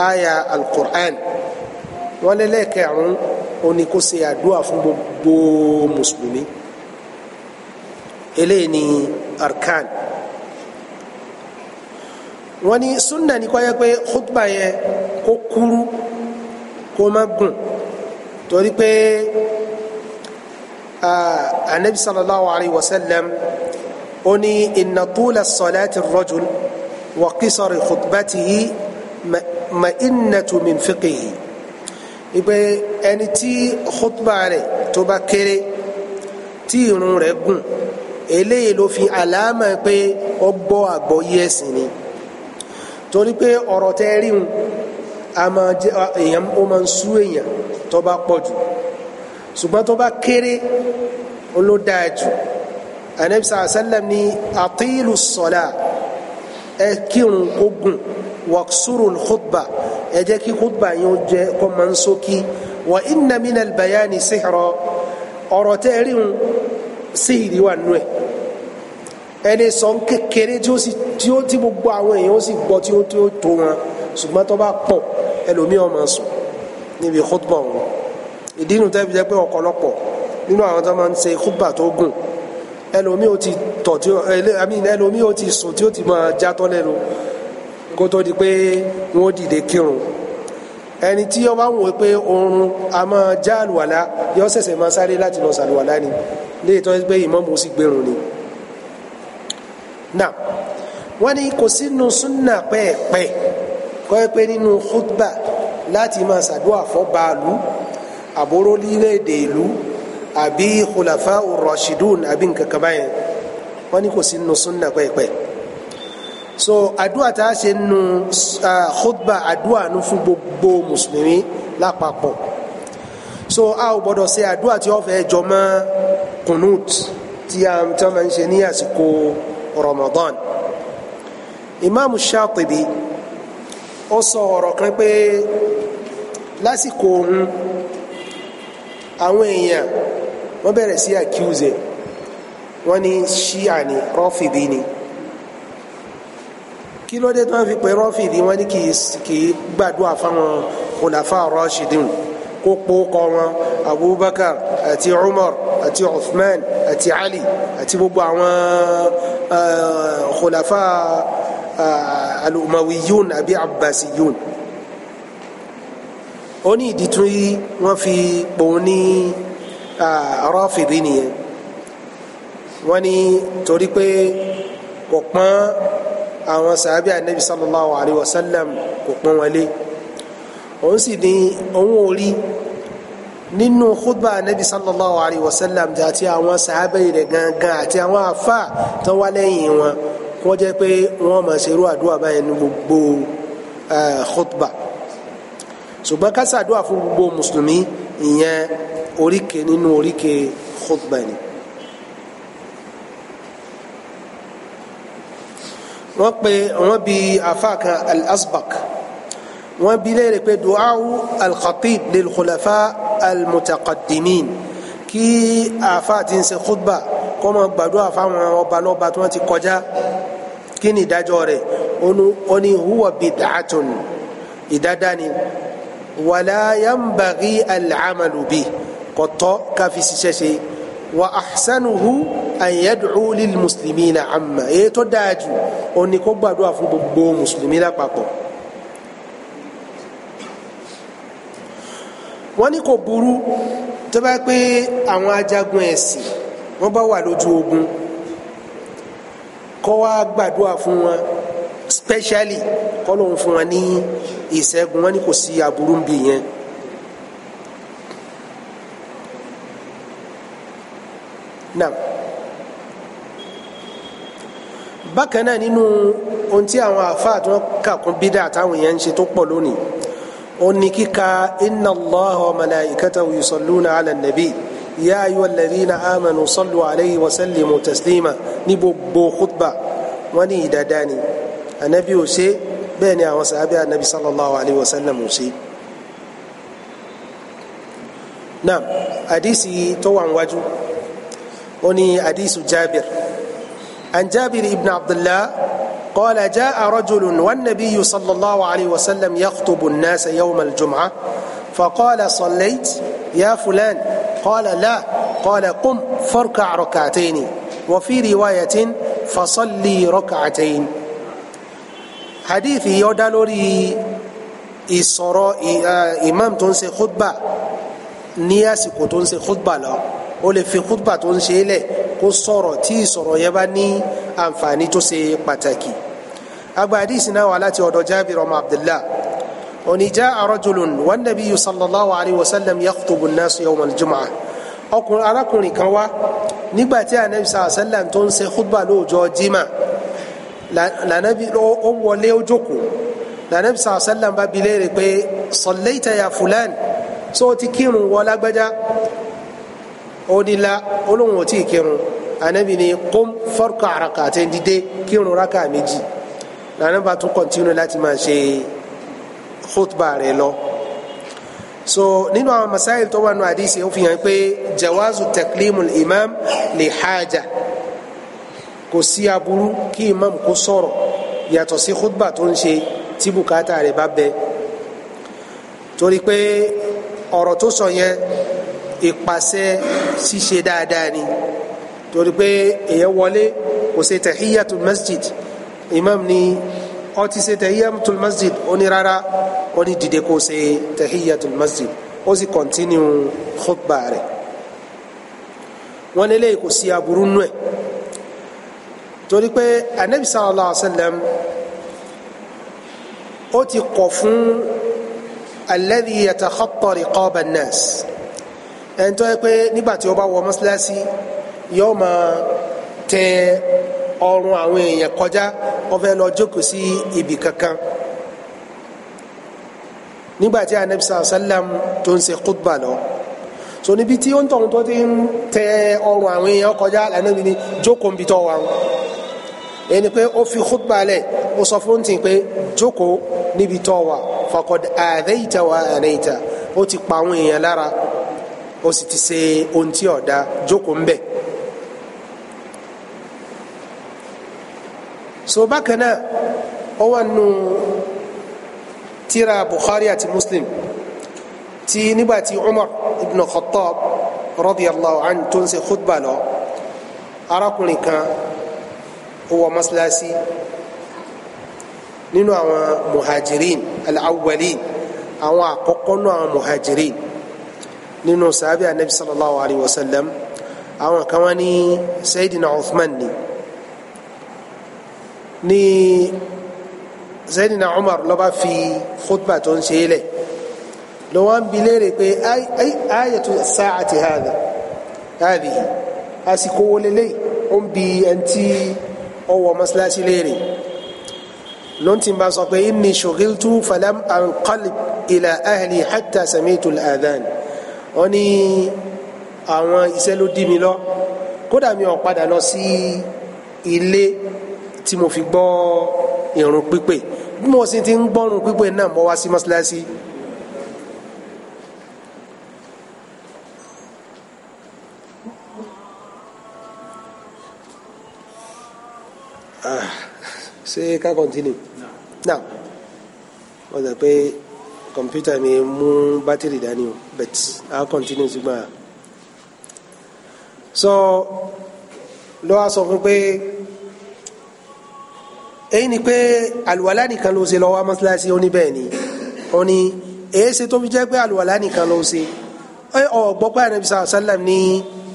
àyà alukur'an wọ́n lẹ́lẹ́kẹrin òní kó àdúrà fún gbogbo mùsùlùmí eléyìí ni arkan wọ́n ní sunna ní kó yẹ pé khutba yẹ kó kúrú kó má gùn torí pé anabi sallallahu alayhi wa sallam ó ní inna tula salati rajul wa qisari khutbatihi ma innatu min fiqihi ìpè ẹni tí khutba rẹ̀ tó bá kéré tí irun rẹ̀ gùn eléyìí ló fi àlàámà pé ó gbọ́ àgbọ́yé ẹ̀sìn ni torí pé ọ̀rọ̀ tẹ́ rí hun èèyàn ó máa ń sú èèyàn tó bá pọ̀ jù ṣùgbọ́n tó bá kéré olódáa jù anabi sàlẹ̀ sàlẹ̀ ní àtìlù sọ̀lá ẹ kírun kó gùn wàksúrù khutba ẹ jẹ́ kí khutba yẹn ó jẹ́ kó máa ń sókí wà inna mina bayani sihra ọ̀rọ̀ tẹ́ ẹ rí hun sihiri wà nù ẹ̀ ẹni sọ kékeré tí ó sì tí ó ti gbogbo àwọn èèyàn ó sì gbọ́ tí ó tó wọn ṣùgbọ́n tó bá pọ̀ ẹlòmíràn máa sùn níbi khutbah wọn ìdí inú tẹ́bi jẹ́ pé ọ̀pọ̀lọpọ̀ nínú àwọn tó máa ń ṣe khutbah tó gùn ẹlòmíì ó ti tọ̀ tí ó ẹlòmíì ó ti sùn tí ó ti máa jatọ́ lẹ́nu kó tó di pé wọ́n dìde kírun ẹni tí ó bá wò pé oorun a máa já àlùwàlá yọ ṣẹ̀ṣẹ̀ máa sáré láti lọ sàlùwàlá ni léètọ́ pé ìmáàmù sì gbèrò ni. náà wọ́n ní kò sínú súnà pẹ́ẹ́pẹ́ kọ́ ẹ pé nínú khutbah láti máa ṣàdúrà fún bàálù àbúrò lílẹ̀-èdè ìlú àbí khulafa rashidun àbí nǹkan kan báyẹn wọ́n ní kò sí nínú súnà pẹ́ẹ́pẹ́ so àdúrà tá a ṣe nínú khutba àdúrà nu fún gbogbo mùsùlùmí lápapọ̀ so a ò gbọ́dọ̀ ṣe àdúrà tí wọ́n fẹ́ jọ mọ́ kunut tí a máa ń ṣe ní àsìkò Ramadan imaamu Shatibi ó sọ ọ̀rọ̀ kan pé lásìkò òun àwọn èèyàn wọ́n bẹ̀rẹ̀ sí accuse wọ́n ní ṣíà ni rọ́fìdì ni kí ló dé tí wọ́n fi pè rọ́fìdì wọ́n ní kì í gbàdúrà fáwọn kùnàfà rọ́ṣìdìn kó pòókọ wọn abubakar àti umar àti uthman àti ali àti gbogbo àwọn eh, kùnàfà rọ́ṣìdìn alumawiyun àbí abbasiyun ó ní ìdí tún yí wọ́n fi pòun ní rọ́ọ̀fìdì nìyẹn wọ́n ní torí pé kò pọ́n àwọn sàábì anabi sallallahu alayhi wa sallam kò pọ́n wọlé òun sì ní òun ò rí nínú khutba anabi sallallahu alayhi wa sallam àti àwọn sàábì rẹ̀ gangan àti àwọn afa tó wá lẹ́yìn wọn wọ́n jẹ́ pé wọ́n máa ṣerú àdúrà báyẹn ní gbogbo khutba ṣùgbọ́n ká ṣàdúrà fún gbogbo mùsùlùmí ìyẹn oríkè nínú oríkè khutba ni. wọ́n pe wọ́n bi afaaka al-asbak wọ́n bi léèrè pé duawu al lil khulafa al kí afa ti ń ṣe khutba kọ́ gbàdúrà fáwọn ọba lọ́ba tí wọ́n ti kọjá kí ni ìdájọ́ rẹ̀ ó ní huwa bid'atun ìdádá ni wala yanbaghi al-amalu bi kọtọ káfi ṣiṣẹ́ ṣe wa ahsanuhu an yad'u lil muslimina amma èyí tó dáa jù ó ní kó gbàdúrà fún gbogbo mùsùlùmí lápapọ̀. wọ́n ní kò burú tó bá pé àwọn ajagun ẹ̀sìn wọ́n bá wà lójú ogun kọ́ wá gbàdúrà fún wọn specially kọ́ ló ń fún wọn ní ìṣẹ́gun wọn ni kò sí aburú ń bì yẹn. náà bákan náà nínú ohun tí àwọn àáfàá tí wọn kà kún bídà táwọn èèyàn ń ṣe tó pọ̀ lónìí ó ní kíka inna Allaha wa malaikatahu yusalluna ala nabi. يا أيها الذين آمنوا صلوا عليه وسلموا تسليما نبو خطبة وني داداني النبي وسي بيني وصحابي النبي صلى الله عليه وسلم وسي نعم حديثي تو عن وجه وني حديث جابر عن جابر بن عبد الله قال جاء رجل والنبي صلى الله عليه وسلم يخطب الناس يوم الجمعة فقال صليت يا فلان قال لا قال قم فاركع ركعتين وفي رواية فصلي ركعتين حديثي يودالوري ìsọ̀rọ̀ imam tó ń ṣe khutba ní àsìkò tó ń ṣe khutba lọ ó lè fi khutba tó ń ṣe lẹ̀ kó sọ̀rọ̀ tí ìsọ̀rọ̀ yẹn bá ní àǹfààní tó ṣe pàtàkì. agba hadisi náà wà láti ọ̀dọ̀ Jabir ọmọ Abdullah oni jaa rajulun wa nabiyu sallallahu alayhi wa sallam yakhtubu an-nas yawm al-jum'ah ọkùnrin arákùnrin kan wá nígbà tí anabi sallallahu alayhi wa sallam tó ń ṣe khutba lóòjọ́ jimá lànàbí ó wọlé ó jókòó lànàbí sallallahu alayhi wa sallam bá bi léèrè pé sallaita ya fulan so ti kírun wọ lágbájá ó ní la olóhùn ò anabi ni qum farka àràkà àti ẹni dídé kírun rákà méjì lànàbà tún kọ̀ntínú láti máa ṣe khutba rẹ̀ lọ so nínú àwọn masáyìl tó wà nù àdìsí ó fi hàn pé jawazu taklimul imam li haja kò sí aburú kí imam kó sọ̀rọ̀ yàtọ̀ sí khutba tó ń ṣe tí bùkátà rẹ̀ bá bẹ torí pé ọ̀rọ̀ tó sọ yẹn ìpàṣẹ ṣíṣe dáadáa ni torí pé èyẹ wọlé kò ṣe tahiyatul masjid imam ni ọtí ṣe tahiyatul masjid oní rárá oní dìde kó ṣe tahiyatul masjid ó sì kọ́ntínú khutba rẹ̀ wọ́n lélẹ́yìí kò sí aburú nù ẹ̀ torí pé anabi sallallahu alayhi wa sallam ó ti kọ̀ fún alladhi yatakhatta riqaba an-nas ẹ̀ńtọ́ ẹ pé nígbà tí ó bá wọ mọ́sálásí yóò máa tẹ ọrùn àwọn èèyàn kọjá wọ́n fẹ́ lọ jókòó sí ibì kankan nígbàtí anabi sàlám tó ń ṣe kútbà lọ so níbi tí ó ń tọ̀hún tó ti ń tẹ ọrùn àwọn èèyàn kọjá lànàbí ni jókòó ń bi tọ́ wa ẹni pé ó fi kútbà lẹ̀ ó sọ fún tì pé jókòó níbi tọ́ wa faqad àdéhìtà wa àdéhìtà ó ti pa àwọn èèyàn lára ó sì ti ṣe ohun tí ọ̀dà jókòó ń bẹ̀. so bákan náà ó wà nù tírà Bukhari àti Muslim tí nígbà tí Umar ibn Khattab radiyallahu anhu tó ń ṣe khutba lọ arákùnrin kan ó wọ mọ́sálásí nínú àwọn muhajirin al-awwalin àwọn àkọ́kọ́ nínú àwọn muhajirin nínú sàbí anabi sallallahu alayhi wa sallam àwọn kan wá ní sayidina Uthman ni ní Sayyidina Umar ló bá fi khutba tó ń ṣe é lẹ̀ ló wá ń bi léèrè pé ayatu sa'ati hadha hadhihi àsìkò wo lélẹ́yìí ó ń bi ẹni tí ó wọ mọ́ṣáláṣí léèrè lóntìn bá sọ pé inni shughiltu falam anqalib ila ahli hatta sami'tu al-adhan wọ́n àwọn iṣẹ́ ló dí mi lọ kódà mi ò padà lọ sí ilé tí mo fi gbọ́ ìrun pípé bí mo sì ti ń gbọ́run pípé náà mo wá sí mọ́ṣáláṣí. Ah, ṣé ká continue now wọ́n sọ pé kọ̀mpútà mi mú bátìrì dání o but a continue ṣùgbọ́n so lọ́wọ́ sọ fún pé èyí ni pé àlùwàlá nìkan ló ṣe lọ́wọ́ mọ́ṣáláṣí ó ní bẹ́ẹ̀ ni ó ní èyí ṣe tó fi jẹ́ pé àlùwàlá nìkan ló ṣe ọ̀ gbọ́ pé ànábi sàlám ní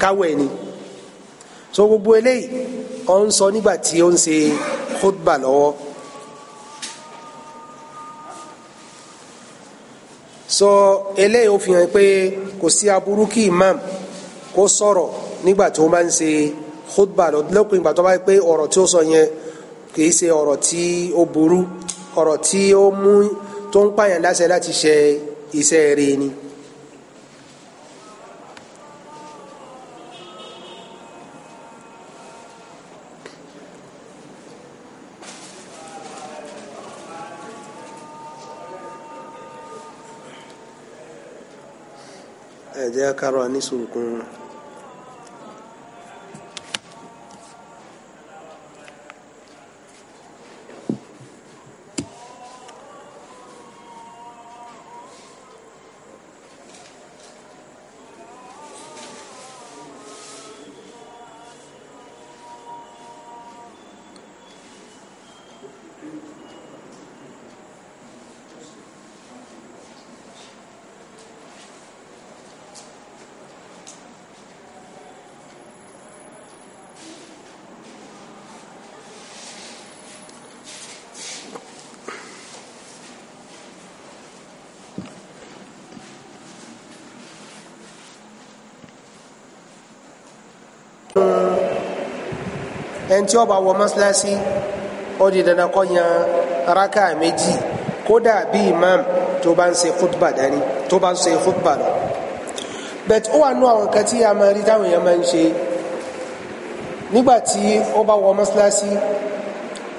káwẹ̀ ni so gbogbo eléyìí ọ̀ ń sọ nígbà tí ó ń ṣe khutba lọ́wọ́. so eléyìí ó fi hàn pé kò sí aburú kí imam kó sọ̀rọ̀ nígbà tó máa ń ṣe khutba lọ́pọ̀ ìgbà tó pé ọ̀rọ̀ tí ó sọ yẹn kìí ṣe ọ̀rọ̀ tí ó burú ọ̀rọ̀ tí ó mú tó ń pààyàn láṣẹ láti ṣe iṣẹ́ rẹ̀ ni. ẹ jẹ́ ká rọ ní sùúrù ẹni tí ó bá wọ mọ́ṣáláṣí ó dandan kó yan raka méjì kódà bí imam tó bá ń ṣe khutba dání tó bá ń ṣe khutba lọ bẹ́ẹ̀ ó wà nú àwọn nǹkan tí a máa rí táwọn èèyàn máa ń ṣe nígbà tí ó bá wọ mọ́ṣáláṣí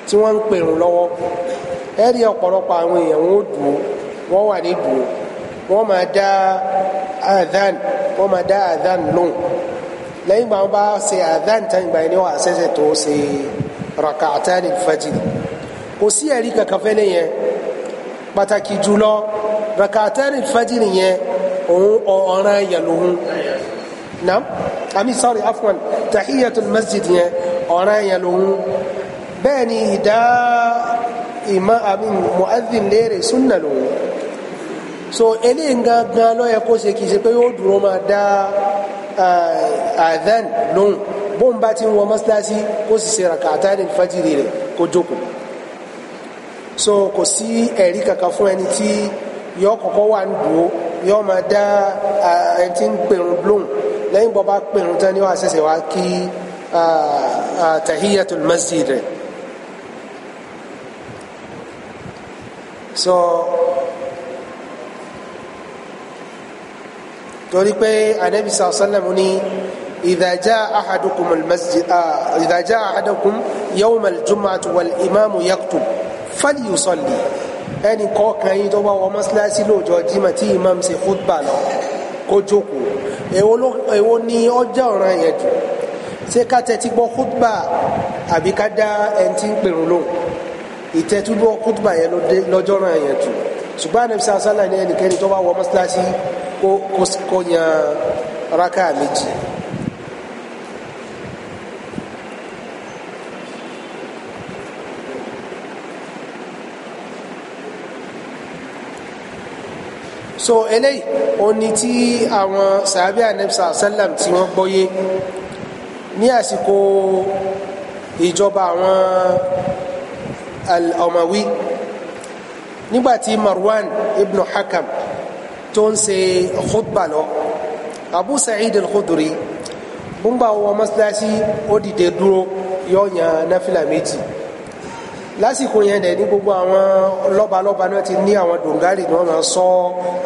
tí wọ́n ń pèrún lọ́wọ́ ẹ ọ̀pọ̀lọpọ̀ àwọn èèyàn wọn ó dùn wọ́n wà ní dùn wọ́n máa dá adhan wọ́n máa dá adhan lóhùn lẹ́yìn gbà wọn bá ṣe àdán tán gbà yẹn ni wọn àṣẹṣẹ tó ṣe rak'atani fajr kò sí ẹ̀rí kankan fẹ́lẹ́ yẹn pàtàkì jùlọ rak'atani fajr yẹn òun ọ̀ràn yẹn lòun nam àmì sorry afwan tahiyatul masjid yẹn ọ̀ràn yẹn lòun ni ìdá ìmọ̀ àmì mu'adhdhin léèrè súnà lòun so eléyìí gangan ló yẹ kó ṣe kì í ṣe pé yóò dúró máa dá àdán lóhùn bóun bá ti ń wọ mọ́sálásí kó sì ṣe ràkàtà ní fájìrì rẹ̀ kó jókòó so kò sí ẹ̀rí kankan fún ẹni tí yọ kọ́kọ́ wà ń dúró yọ máa dá ẹni tí ń pèrún lóhùn lẹ́yìn bọ́ bá pèrún tán ni wọ́n àṣẹṣẹ̀ wá kí tahiyatul masjid rẹ̀ so torí pé anabi sallallahu alaihi wasallam ní. إذا جاء أحدكم المسجد آه إذا جاء أحدكم يوم الجمعة والإمام يكتب فليصلي ẹnì kọ̀ọ̀kan yìí tó bá wọ mọ́ṣáláṣí lóòjọ́ jímọ̀ tí imam ṣe khutba lọ kó jókòó èwo ni ọjọ́ ọ̀ràn yẹn jù ṣé ká tẹ́tí gbọ́ khutba àbí ká dá ẹni tí ń pèrò lóhùn ìtẹ́tí gbọ́ khutba yẹn lọ́jọ́ ọ̀ràn yẹn jù ṣùgbọ́n àná ṣáṣálà ní ẹnikẹ́ni tó bá wọ mọ́ṣáláṣí kó yan rákà méjì. so eléyìí òní tí àwọn sàbíà nebsa sallam tí wọ́n gbọ́yé ní àsìkò ìjọba àwọn al-Umawi nígbàtí Marwan ibn Hakam tó ń ṣe khutba lọ Abu Sa'id al Khuduri bùnbà wọ mọ́sálásí ó dìde dúró yọ̀ọ̀yàn náfìlà méjì. lásìkò yẹn dẹ̀ ní gbogbo àwọn lọ́balọ́ba náà ti ní àwọn dongari ni wọ́n máa sọ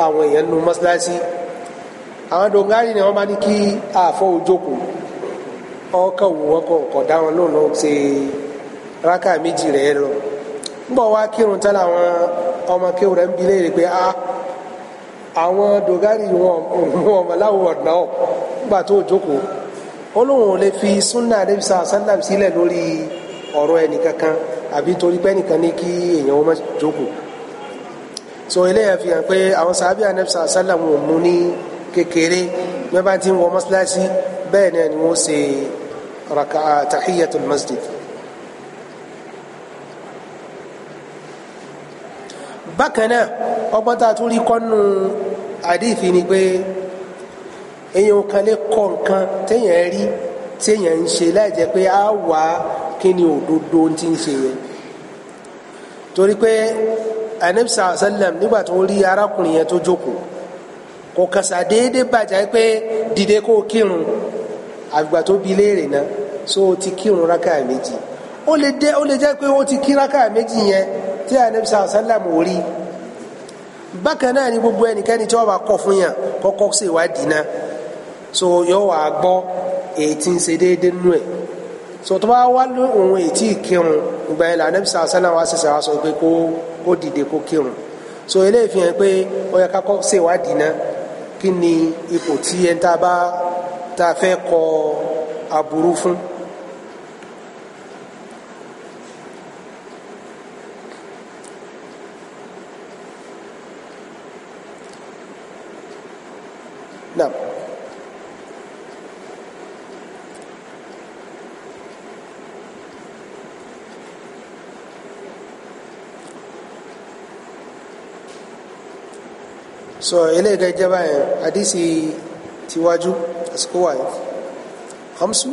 àwọn èèyàn nu mọ́sálásí àwọn dongari ni wọ́n bá ní kí àfọ òjòkó ọkọ̀ wò wọ́n kọ̀ ọ̀kọ̀ wọn lóun náà ṣe rákà méjì rẹ̀ lọ nígbà wá kírun tẹ́lẹ̀ àwọn ọmọ kéwù rẹ̀ ń bi léèrè pé a ah, àwọn dòngárì wọn ọmọ láwọn ọ̀nà ọ̀ nígbà tó òjòkó ó lóun ò lè fi àdébísà lórí àbí torí pé nìkan ní kí èèyàn wọn jókòó so eléyàn fi hàn pé àwọn sàábì anabisa asálàm ò mú ní kékeré mẹba tí ń wọ mọ́sálásí bẹ́ẹ̀ náà ni wọ́n ṣe raka ah, tahiyatul masjid. bákan náà ọgbọ́n tá a rí kọ́nù àdìfín ni pé èèyàn kan lè kọ́ nǹkan téèyàn rí tí èèyàn ń ṣe láì pé á wá kí ni òdodo ti ń ṣe yẹn torí pé anabisa asalam nígbà tó rí arákùnrin yẹn tó jókòó kò kàsà déédéé bàjá pé dìde kó kírun àgbà tó bi léèrè náà so ó ti kírun rákà méjì ó lè dé ó lè jẹ́ pé ó ti kí rákà méjì yẹn tí anabisa asalam ò rí bákan náà ni gbogbo ẹnikẹ́ni tí wọ́n bá kọ́ fún yàn kọ́kọ́ ṣèwádìí náà so yóò wá gbọ́ èyí tí ń ṣe déédéé nínú ẹ̀ sọtọ́ bá wá ní òun èyí tí kírun ìgbà yẹn lànà bisá sálà wá ṣẹṣẹ wá sọ pé kó kó dìde kó kírun so eléyìí fi hàn pé ó yẹ ká kọ́ ṣèwádìí kí ni ipò tí ẹni tá a bá tá a fẹ́ kọ aburú fún. so eléyìí gẹ́gẹ́ jẹ́ báyìí àdìsí tiwájú àsìkò wáyé khamsu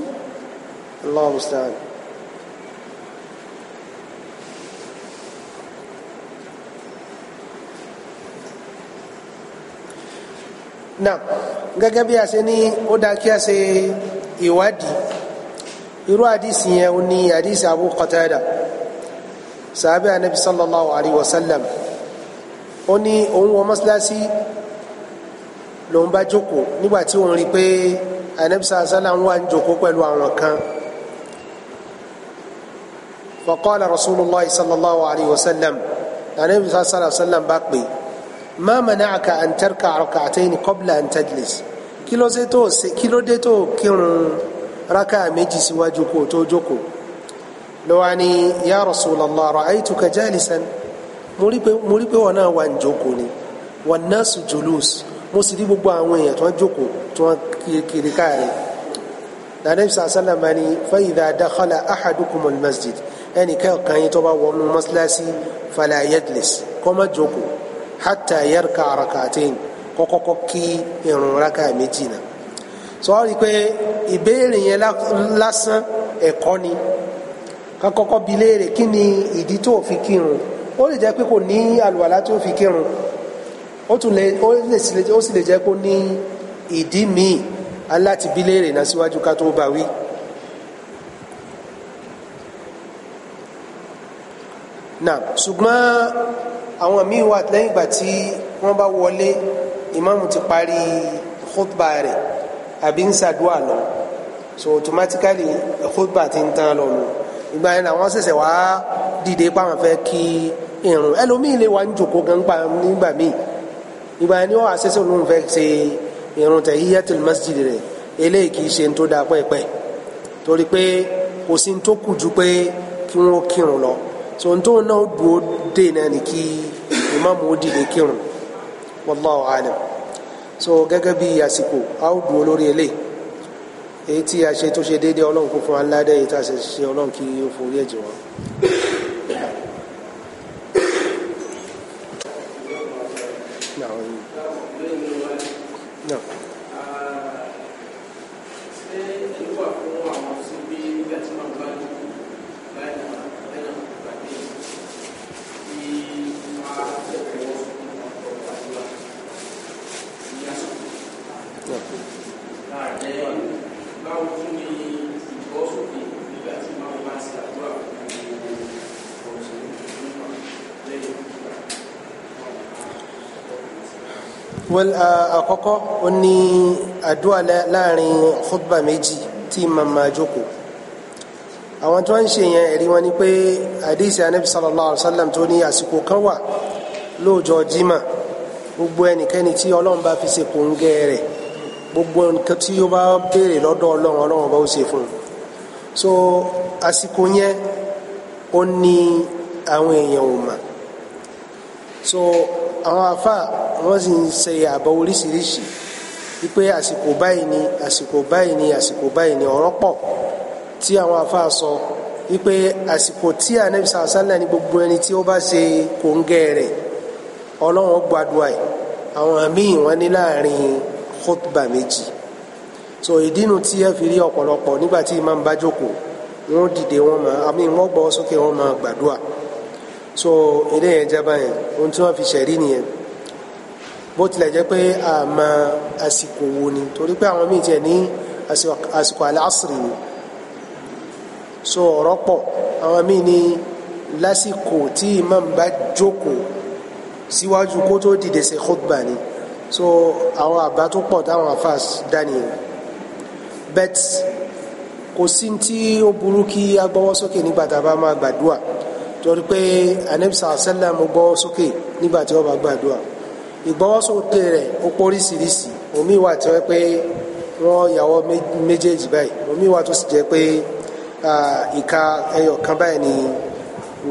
allah musta'an. náà gẹ́gẹ́ bí a ṣe ní ó dá kí a ṣe ìwádìí irú àdìsí yẹn ó ní àdìsí Abu Qatada sàbẹ̀ anabi sallallahu alayhi wa sallam ó ní òun wọ mọ́sálásí lòun bá jókòó nígbà tí òun rí i pé anabisa asala ń wá jókòó pẹ̀lú àwọn kan faqala rasulillah sallallahu alayhi wa sallam anabisa asala sallam bá pè ma mana'aka an tarka rak'atayn qabla an tajlis kí ló dé tó kí ló kírun raka méjì síwájú kó tó jókòó lọ́wọ́ ni ya rasulallah ra'aytuka jalisan mo rí pé mo rí pé wọn náà wà níjókòó ni wọn náà sùn jòlóòs mo sì rí gbogbo àwọn èèyàn tó ń jókòó tó ń kiri káàrí nàdẹ́bí sàṣàlámà ni fayidà dakhala ahadukum almasjid ẹnì kẹ́ọ̀kan yìí tó bá wọnú mọ́sálásí fala yajlis kó má jókòó hatta yarka rak'atayn kọ́kọ́kọ́ kí irun raka méjì náà sọ́ọ́rí pé ìbéèrè yẹn lásán ẹ̀kọ́ ni kakọ́kọ́ bi léèrè kí ni ìdí tó fi kírun ó lè jẹ́ pé kò ní àlùwàlá tí ó fi kírun ó tún lè ó sì lè jẹ́ kó ní ìdí míì aláti bí léèrè náà síwájú ká tó bá wí. nà ṣùgbọ́n àwọn míì wà lẹ́yìn ìgbà tí wọ́n bá wọlé ìmáàmù ti parí khutba rẹ̀ àbí ń ṣàdúrà lọ so automatically khutba ti ń tán lọ ìgbà yẹn làwọn ṣẹ̀ṣẹ̀ wá dìde páwọn fẹ́ kí irun ẹlòmíì lè wá ń jòkó gan nígbà míì ìgbà yẹn ni wọ́n ṣẹ̀ṣẹ̀ lóun fẹ́ ṣe irun tahiyatul masjid rẹ̀ eléyìí kì í ṣe ń tó dáa pẹ́ẹ́pẹ́ torí pé kò sí ń tó kù ju pé kí wọ́n kírun lọ so ń tó náà dúró dé náà ni kí ìmáàmù ó dìde kírun wallahu alam so gẹ́gẹ́ bí àsìkò a ó dúró lórí eléyìí èyí tí a ṣe tó ṣe déédéé ọlọ́run kún fún aládé èyí tá a ṣe ṣe ọlọ́run kí ó forí ẹ̀jẹ̀ wọn. wọ́n uh, àkọ́kọ́ ó ní àdúrà láàrin khutba méjì tí màmá jókòó àwọn tó ń ṣe yẹn ẹ̀rí wọn ni pé àdìsí anabi sallallahu alayhi wa sallam tó ní àsìkò kan wà lóòjọ́ jimá gbogbo ẹnikẹ́ni tí ọlọ́run bá fi ṣe kòńgẹ́ rẹ̀ gbogbo nǹkan tí ó bá béèrè lọ́dọ̀ ọlọ́run ọlọ́run bá ó ṣe fún un so àsìkò yẹn ó ní àwọn èèyàn ò mà so àwọn afa wọ́n sì ń ṣe àbọ̀ oríṣiríṣi wípé àsìkò báyìí ni àsìkò báyìí ni àsìkò báyìí ni ọ̀rọ̀ pọ̀ tí àwọn afáà sọ wípé àsìkò tí anabi sàlẹ̀ ní gbogbo ẹni tí ó bá ṣe kòńgẹ́ rẹ̀ ọlọ́run gbàdúrà ẹ̀ àwọn míì wọ́n ní láàrin khutba méjì so ìdínú tí ẹ fi rí ọ̀pọ̀lọpọ̀ nígbà tí imam bá jókòó wọ́n dìde wọ́n máa àmì wọ́n gbọ́ sókè wọ́n máa gbàdúrà so eléyẹn jábá yẹn ohun tí wọ́n fi ṣẹ̀rí nìyẹn bó tilẹ̀ jẹ́ pé àmà àsìkò wo ni torí pé àwọn míì tiẹ̀ ní àsìkò àlásìrì ni so ọ̀rọ̀ pọ̀ àwọn míì ní lásìkò tí imam bá jókòó síwájú kó tó dìde ṣe khutba ni so àwọn àbá tó pọ̀ táwọn afas dání bet kò sí tí ó burú kí a gbọ́wọ́ sókè nígbà tá a bá máa gbàdúrà torí pé anabi sàlẹ̀ sẹ́lẹ̀ mo gbọ́wọ́ sókè nígbà tí wọ́n bá gbàdúrà ìgbọ́wọ́sókè rẹ̀ ó póríṣiríṣi omi wà tí wọ́n pé wọ́n yàwọ́ méjèèjì báyìí omi wà tó sì jẹ́ pé ìka ẹyọ kan báyìí ni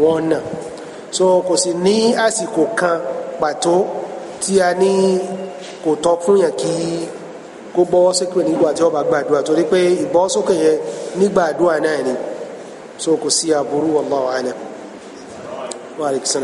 wọ́n nà so kò sì ní àsìkò kan pàtó tí a ní kò tọ́ fún yàn kí kó bọ́wọ́ sókè nígbà tí wọ́n bá gbàdúrà torí pé ìbọ́wọ́sókè yẹn nígbà àdúrà náà ni so kò sí aburú wallahu a'lam wa alaykum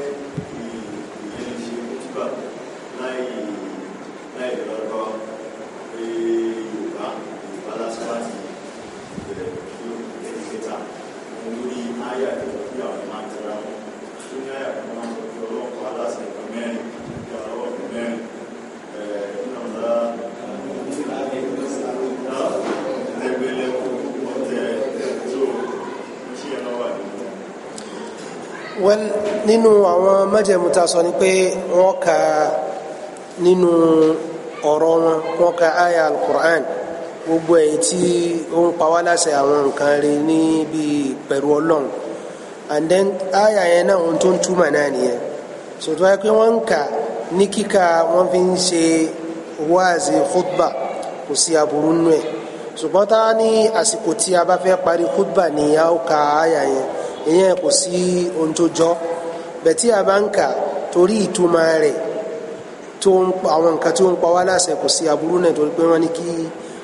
well nínú àwọn májẹ̀mú tá sọ ni pé wọ́n ka nínú ọ̀rọ̀ wọn wọ́n ka aya alukur'an gbogbo èyí tí ó ń pa wá láṣẹ àwọn nǹkan rí níbi pẹ̀lú ọlọ́run and then aya yẹn náà ohun tó ń túmọ̀ náà nìyẹn sòtú wáyé pé wọ́n ń kà ní kíkà wọ́n fi ń ṣe wáàzì khutba kò sí aburú nù ẹ̀ ṣùgbọ́n tá a ní àsìkò tí a bá fẹ́ parí khutba ni a ó ka aya yẹn ìyẹn kò sí ohun tó jọ bẹ́ẹ̀ tí a bá ń kà torí ìtumọ̀ rẹ̀ tó ń pa àwọn nǹkan tí ń pa wá láṣẹ kò sí aburú náà torí pé wọ́n ní kí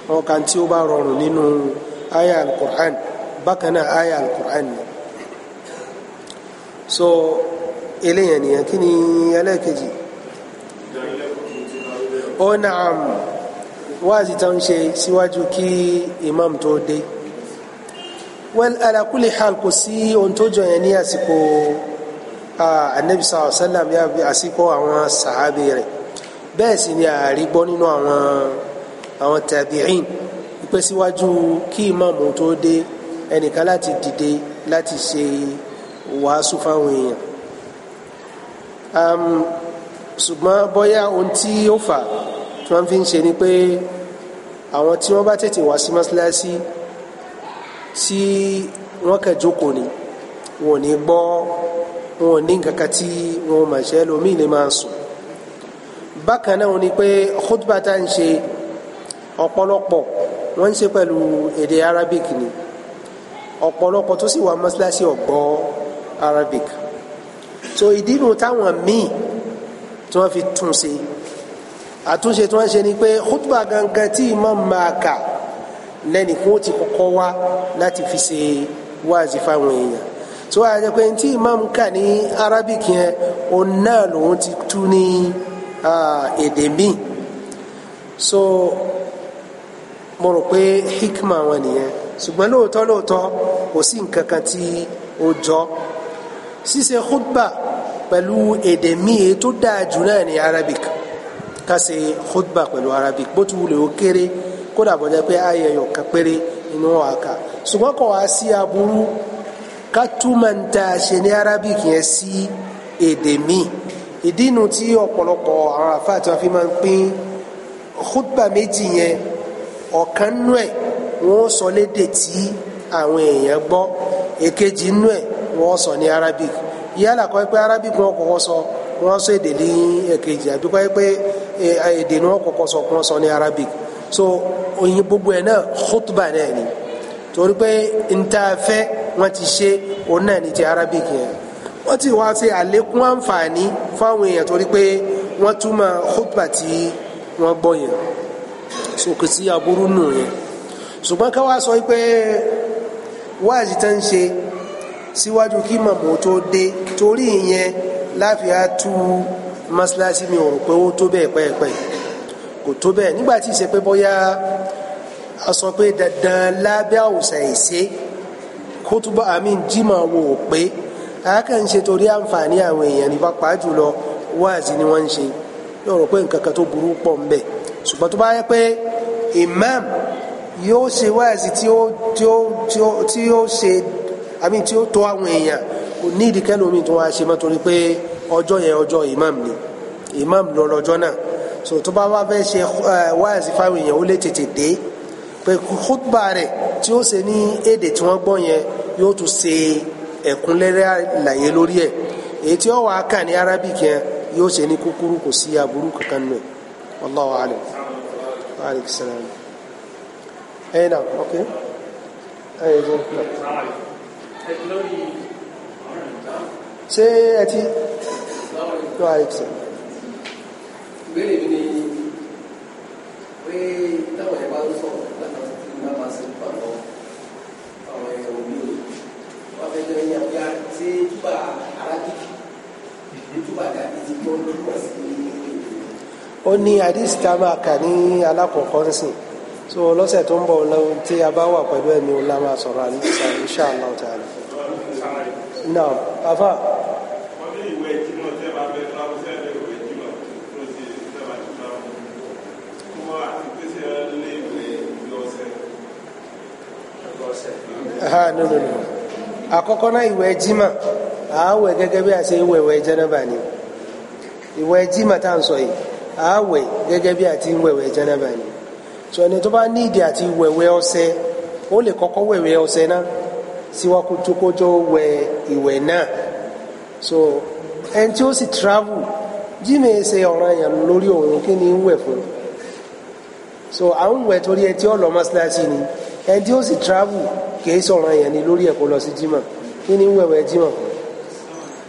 wọn kan tí ó bá rọrùn nínú aya alukur'an bákan náà aya alukur'an ni so eléyàn nìyẹn kí ni ẹlẹ́ẹ̀kejì ó na'am wáàzì tán ń ṣe síwájú kí imam tó dé well ala kulli hal kò sí ohun tó jọ yẹn ní àsìkò anabi sallallahu alayhi wa sallam yà àsìkò àwọn sàhábì rẹ̀ bẹ́ẹ̀ sì ni ààrí gbọ́ nínú àwọn àwọn tàbíìn pé síwájú kí ìmáàmù tó dé ẹnìkan láti dìde láti ṣe wàásù fáwọn èèyàn ṣùgbọ́n bóyá ohun tí ó fà tí wọ́n fi ń ṣe ni pé àwọn tí wọ́n bá tètè wá sí mọ́ṣáláṣí. Si sí wọn kàn jókòó ni wọn ò ní gbọ́ wọn ò ní kankan tí wọn máa ṣe ẹlòmíì lè máa sùn bákan náà wọn ni pé khutbah tá à ń ṣe ọ̀pọ̀lọpọ̀ wọ́n ń ṣe pẹ̀lú èdè Arabic ni ọ̀pọ̀lọpọ̀ tó sì wà mọ́sálásí ọ̀gbọ́ Arabic so ìdí nu táwọn míì tí wọ́n fi tún ṣe àtúnṣe tí wọ́n ṣe ni pé khutbah gangan tí imam máa kà lẹ́ni kó ti kọ́kọ́ wá láti fi ṣe wáàzì fáwọn èèyàn tó a jẹ pé tí imam kà ní arabic yẹn òun náà lòun ti tú ní èdè míì so mo rò pé hikma wọn nìyẹn ṣùgbọ́n lóòótọ́ lóòótọ́ kò sí nǹkan kan tí ó jọ ṣíṣe khutba pẹ̀lú èdè míì tó dáa jù náà ní arabic ká ṣe khutba pẹ̀lú arabic bó ti wulẹ̀ ó kéré kódà bó jẹ́ pé ayé yóò kan péré inú wa kà ṣùgbọ́n kò wá sí aburú ká túmọ̀ ń ta ṣe ní arabic yẹn sí èdè míì ìdí inú tí ọ̀pọ̀lọpọ̀ àwọn àfáà tí wọ́n fi máa ń pín khutba méjì yẹn ọ̀kan nú ẹ̀ wọ́n sọ lédè tí àwọn èèyàn gbọ́ èkejì nú ẹ̀ wọ́n sọ ní arabic yálà kọ́ pé arabic wọn kọ́kọ́ sọ wọ́n sọ èdè ní èkejì àbí pé eh, èdè ni wọ́n kọ́kọ́ sọ wọ́n sọ ní arabic so oyin gbogbo ẹ̀ náà khutba náà ni torí pé ntaafẹ́ wọ́n ti ṣe òun náà ni ti arabic yẹn wọ́n ti wá ṣe àlékún àǹfààní fáwọn èèyàn torí pé wọ́n túmọ̀ khutba tí wọ́n gbọ́ yẹn so kò sí aburú nù yẹn ṣùgbọ́n ká wá sọ pé wáàzì tá ń ṣe síwájú kí màmú tó dé torí ìyẹn láfi á tú mọ́ṣáláṣí mi ò rò pé ó tó bẹ́ẹ̀ pẹ́ẹ́pẹ́ẹ́ kò tó bẹ́ẹ̀ nígbà tí ìṣe pé bóyá a sọ pé dandan lábẹ́ àwòsàn ìṣe kótóbá àmì jimá wo ò pé àákàn ṣe torí àǹfààní àwọn èèyàn ní pápá jùlọ wáàzí ni wọ́n ń ṣe yóò rò pé nǹkan kan tó burú pọ̀ ń bẹ ṣùgbọ́n tó bá yẹ pé imam yóò ṣe wáàzí tí ó tí ó tí ó tí ó ṣe àmì tí ó tó àwọn èèyàn kò ní ìdíkẹ́ lómi tó wá ṣe mọ́ torí pé ọjọ́ yẹn ọjọ́ imam ni imam lọ lọ́jọ́ náà so tó bá wá fẹ́ ṣe eh, wáàsí fáwọn èèyàn ó lè tètè dé pé kútbà rẹ̀ tí ó ṣe ní èdè tí wọ́n gbọ́ yẹn yóò tún ṣe ẹ̀kúnlẹ́rẹ́ àlàyé lórí ẹ̀ èyí tí ó wàá kà ní arabic yẹn yóò ṣe ní kúkúrú kò sí aburú kankan nù ẹ̀ wallahu alim aleykum salaam ẹ̀yin náà ok ẹ̀yin jẹ́ náà. ṣé ẹ ti. aleykum salaam ìbéèrè mi ni pé táwọn yẹn bá ń sọ̀rọ̀ látàkùn tí bá máa ṣe pàtó àwọn ẹ̀yàn òbí wọn fẹ́ jẹ́ ẹ̀yàn bíi àti túbà arákìkì túbà dàbí ti gbọ́ lórúkọ sí i. ó ní àdìsí kà ní alákọ̀ọ́kọ́ nsìn so lọ́sẹ̀ tó ń bọ̀ lọ́wọ́ tí a bá wà pẹ̀lú ẹ̀mí ọ̀la máa sọ̀rọ̀ àníṣà insha Allah náà afa. ha no no no àkọ́kọ́ náà ìwẹ̀ jimá à á wẹ̀ gẹ́gẹ́ bí a ṣe wẹ̀ wẹ̀ jẹ́nàbà ni ìwẹ̀ jimá tá à ń sọ yìí à á wẹ̀ gẹ́gẹ́ bí a ti ń wẹ̀ wẹ̀ ni so ẹni tó bá ní ìdí àti wẹ̀wẹ̀ ọṣẹ ó lè na. wẹ̀wẹ̀ ọṣẹ náà síwájú tó kójọ so ẹni tí ó travel jimá e ṣe ọ̀ràn yẹn lórí òun kí ni ń wẹ̀ so à ń wẹ̀ torí ẹ tí ó lọ mọ́ṣáláṣí ẹni tí ó sì travel kìí sọ̀rọ̀ yẹn ni lórí ẹ̀kọ́ lọ sí jimá kí ni wẹ̀wẹ̀ jimá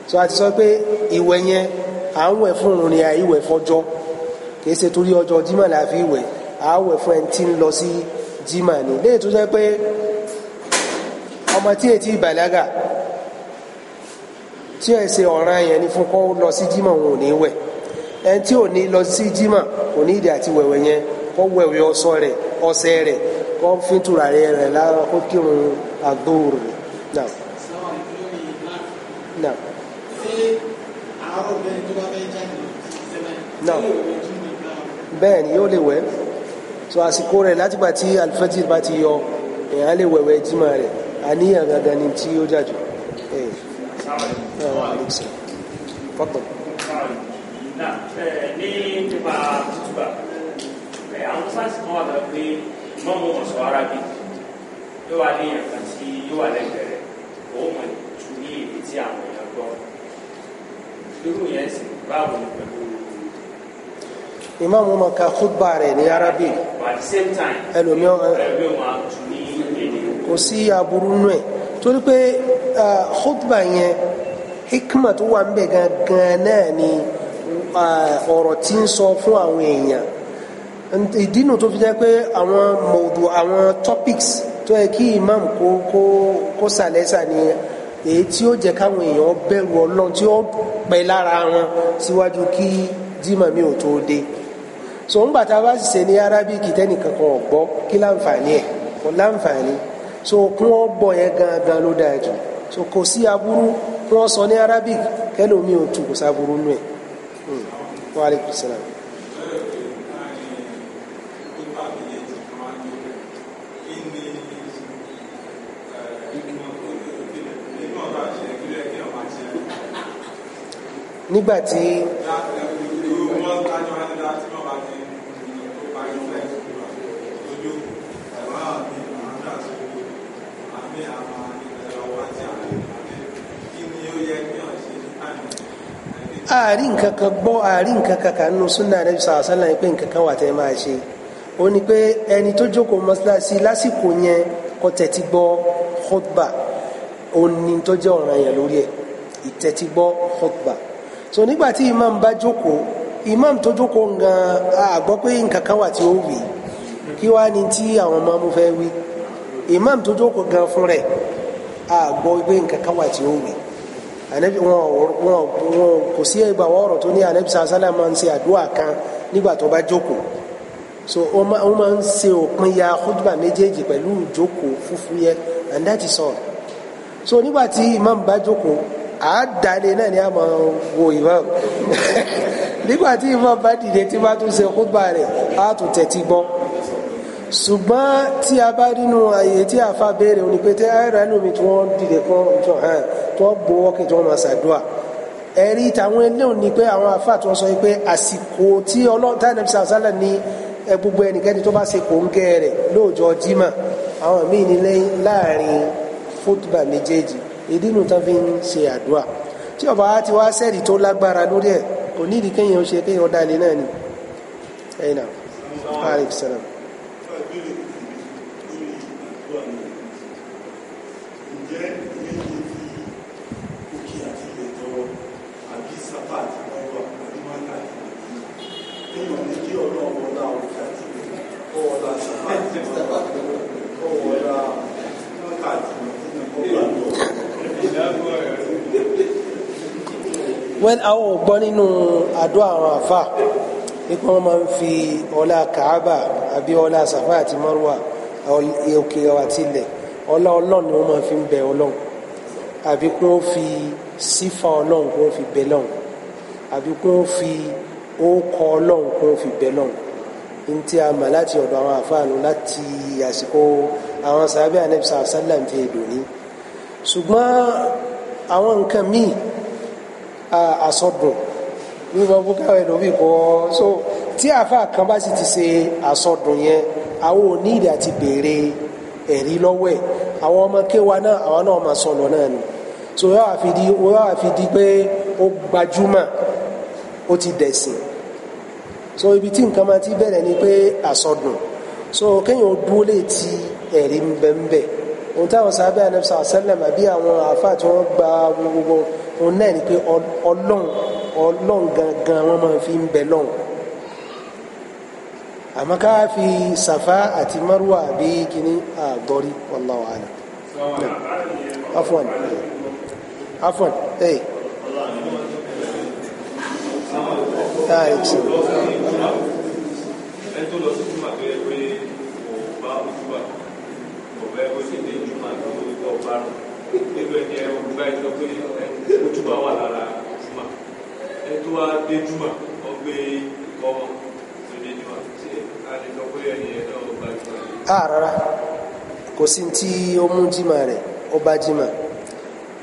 so a ti sọ pé ìwẹ̀ yẹn à ń wẹ̀ fún òun ni à ìwẹ̀ fọjọ́ kìí ṣe torí ọjọ́ jimá la fi wẹ̀ à wẹ̀ fún ẹni tí ń lọ sí jimá ni léyìí tó sọ pé ọmọ tí ètí ìbàlágà tí ẹ ṣe ọ̀ràn yẹn ni fún kó lọ sí jimá òun ò ní wẹ̀ ẹni tí ò ní lọ sí jimá kò ìdí àti wẹ̀wẹ̀ yẹn kó wẹ̀wẹ̀ ọsọ rẹ̀ ọsẹ kọ́ fín tùràrí rẹ̀ lára kó kírun àgbóhùn rẹ̀ náà. náà. ṣé àárọ̀ bẹ́ẹ̀ tó bá fẹ́ jáde sẹ́lẹ̀ náà bẹ́ẹ̀ ni yóò lè wẹ̀ so àsìkò rẹ̀ látìgbà tí alifẹ́tì bá ti yọ èèyàn lè wẹ̀wẹ̀ jímọ̀ rẹ̀ àníyàn gangan ni tí ó jàjù fọ́tọ̀. ní nípa tútùbà àwọn sáàsì kan wà lọ pé mọ́ mọ́ wọn sọ ara bí yóò wá léèyàn kan tí yóò wà lẹ́gbẹ̀ẹ́ rẹ̀ ó mọ̀ ju ní èdè tí àwọn èèyàn gbọ́ irú yẹn sì báwo ni pẹ̀lú. ìmáàmù máa ka khutba rẹ̀ ní arábì ẹlòmíràn kò sí aburú nù ẹ̀ torí pé khutba yẹn hikma wà ń bẹ̀ gangan náà ni ọ̀rọ̀ tí ń sọ fún àwọn èèyàn ìdínú tó fi jẹ́ pé àwọn mọ̀ọ́dù àwọn topics tó yẹ kí imam kó kó kó sàlẹ́sà ni èyí tí ó jẹ́ káwọn èèyàn bẹ̀rù ọlọ́run tí ó pẹ́ lára wọn síwájú kí jimá mi ò tó dé so ń gbàtà bá sì ṣe ní arabic tẹ́nìkan kan ọ̀gbọ́ kí láǹfààní ẹ̀ kò láǹfààní so kún ọ gbọ́ yẹn gangan ló dáa jù so kò sí aburú kún ọ sọ ní arabic kẹlòmíì ò tù kò sáburú nù ẹ̀ hmm. wàhálà kùsùlùmí. nígbàtí ààrí nǹkan kan gbọ́ ààrí nǹkan kan kan nínú súnà Ànábì sàásánlá yìí pé nǹkan kan wà tẹ́ máa ṣe ó ní pé ẹni tó jókòó mọ́ṣáláṣí lásìkò yẹn kó tẹ́tí gbọ́ khutba ó ní tó jẹ́ ọ̀ranyàn lórí ẹ̀ ìtẹ́tí gbọ́ khutba so nígbà tí imam bá jókòó imam tó jókòó gan àgbọ́ pé nǹkan kan wà tí ó wì kí wá ní tí àwọn ọmọ mu fẹ́ wí imam tó jókòó gan fún rẹ̀ àgbọ́ pé nǹkan kan wà tí ó wì anabi wọn wọn wọn kò sí ìgbà ọ̀rọ̀ tó ní anabi sàlá máa ń ṣe àdúrà kan nígbà tó bá jókòó so ó máa ń ṣe òpin ya khutba méjèèjì pẹ̀lú ìjókòó fúfú yẹ and that is all so nígbà tí imam bá jókòó àádáni náà ni a máa wo imam nígbà tí imam bá dìde tí bá tún ṣe kúgbà rẹ̀ á tún tẹ̀tí gbọ́ ṣùgbọ́n tí a bá nínú àyè tí a fa béèrè òní pé tí ara inú mi tí wọ́n dìde kan tó hàn tó gbowó kí wọ́n máa ṣàdúrà ẹ̀rí tàwọn eléyìí ni pé àwọn afa tí wọ́n sọ pé àsìkò tí ọlọ́tà nàbí sàlẹ̀ ní gbogbo ẹnikẹ́ni tó bá ṣe kòńgẹ́ rẹ̀ lóòjọ́ jimá àwọn míì ní láàrin fútbà méjèèjì ìdí nu tán fi ń ṣe àdúrà tí ọba ti wá sẹ́ẹ̀dì tó lágbára lórí ẹ̀ kò ní ìdí kéèyàn ṣe kéèyàn dalẹ̀ náà ni ẹ̀yin náà aleyhi salam. wẹ́n àwọn ò gbọ́ nínú àdó àwọn àfà nípa wọn máa ń fi ọlá Kaaba àbí ọlá Safa àti Marwa òkè àti ilẹ̀ ọlá ọlọ́run ni wọ́n máa fi ń bẹ ọlọ́run àbí kí wọ́n fi sífà ọlọ́run kí wọ́n fi bẹ lọ́run àbí kí wọ́n fi ókọ ọlọ́run kí wọ́n fi bẹ lọ́run ní tí a mọ̀ láti ọ̀dọ̀ àwọn àfáànù láti àsìkò àwọn sàbẹ̀ ànẹ́bísà sálàm fi èdò ní ṣùgbọ́n àwọn nǹkan míì àsọdùn wíwọ búkà ẹlòmíì kọ so tí àáfàá kan bá sì ti ṣe àsọdùn yẹn àwọn ò ní ìdí àti béèrè ẹ̀rí lọ́wọ́ ẹ̀ àwọn ọmọ kéwa náà àwọn náà máa sọ̀rọ̀ náà ni so yóò àfi di yóò àfi di pé ó gbajúmọ̀ ó ti dẹ̀sìn so ibi tí nǹkan máa ti bẹ̀rẹ̀ ni pé àsọdùn so kéèyàn dúró lè ti ẹ̀rí ń bẹ ń bẹ ohun táwọn sábẹ́ anamsa sẹ́lẹ̀m àbí àwọn àáfàá tí wọ́n gba gbogbo òun náà ni pé ọlọ́run ọlọ́run gangan wọ́n máa fi ń bẹ lọ́run àmọ́ ká fi sàfá àti márùwà bí kíní àgọ́rí wallahu a'lam afwan afwan ẹ̀ Thank you ẹgbẹ́ ni ẹ̀rọ gbígbá ìsọ pé ojúbà wà lára jùmọ̀ ẹ tó wá dé jùmọ̀ ọgbẹ́ ikọ̀ ọmọ tó dé jùmọ̀ ṣe àlejò pé ẹni ẹ̀ náà gba jùmọ̀. a rárá kò sí tí ó mú jimá rẹ̀ ó bá jimá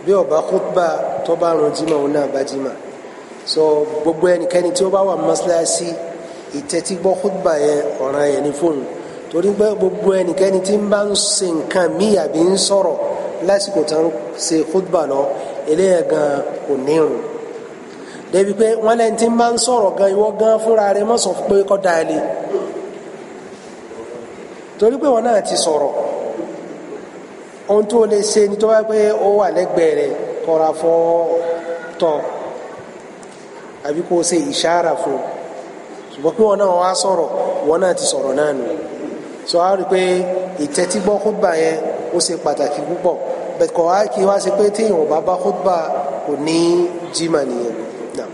bí ọba kútbà tó rún jimá òun náà bá jimá so gbogbo ẹnikẹ́ni tí ó bá wà mọ́ṣáláṣí ìtẹ́tígbọ́ kútbà yẹn ọ̀ràn yẹn ní fóònù torí pé gbogbo ẹnikẹ́ni tí ń bá ń ṣe nǹkan míì ń sọ̀rọ̀ lásìkò tó ń ṣe khutba lọ eléyà gan kò nírun débi pé wọn lẹ́yìn tí ń bá ń sọ̀rọ̀ gan ìwọ gan fúnra rẹ mọ̀ sọ pé kọ́ da ilé torí pé wọn náà ti sọ̀rọ̀ ohun tó lè ṣe ni tó bá pé ó wà lẹ́gbẹ̀ẹ́ rẹ kọ́ra fọ́ tọ́ àbí kó o ṣe ìṣára fún un ṣùgbọ́n pé wọn náà wá sọ̀rọ̀ wọn náà ti sọ̀rọ̀ náà nù sọ wá rí i pé ìtẹ́tígbọ́ khutba yẹn ó ṣe pàtàkì púpọ̀ bẹ̀kọ̀ wá kí wá sí pé téèyàn ò bá bá khutba kò ní jimá nìyẹn náà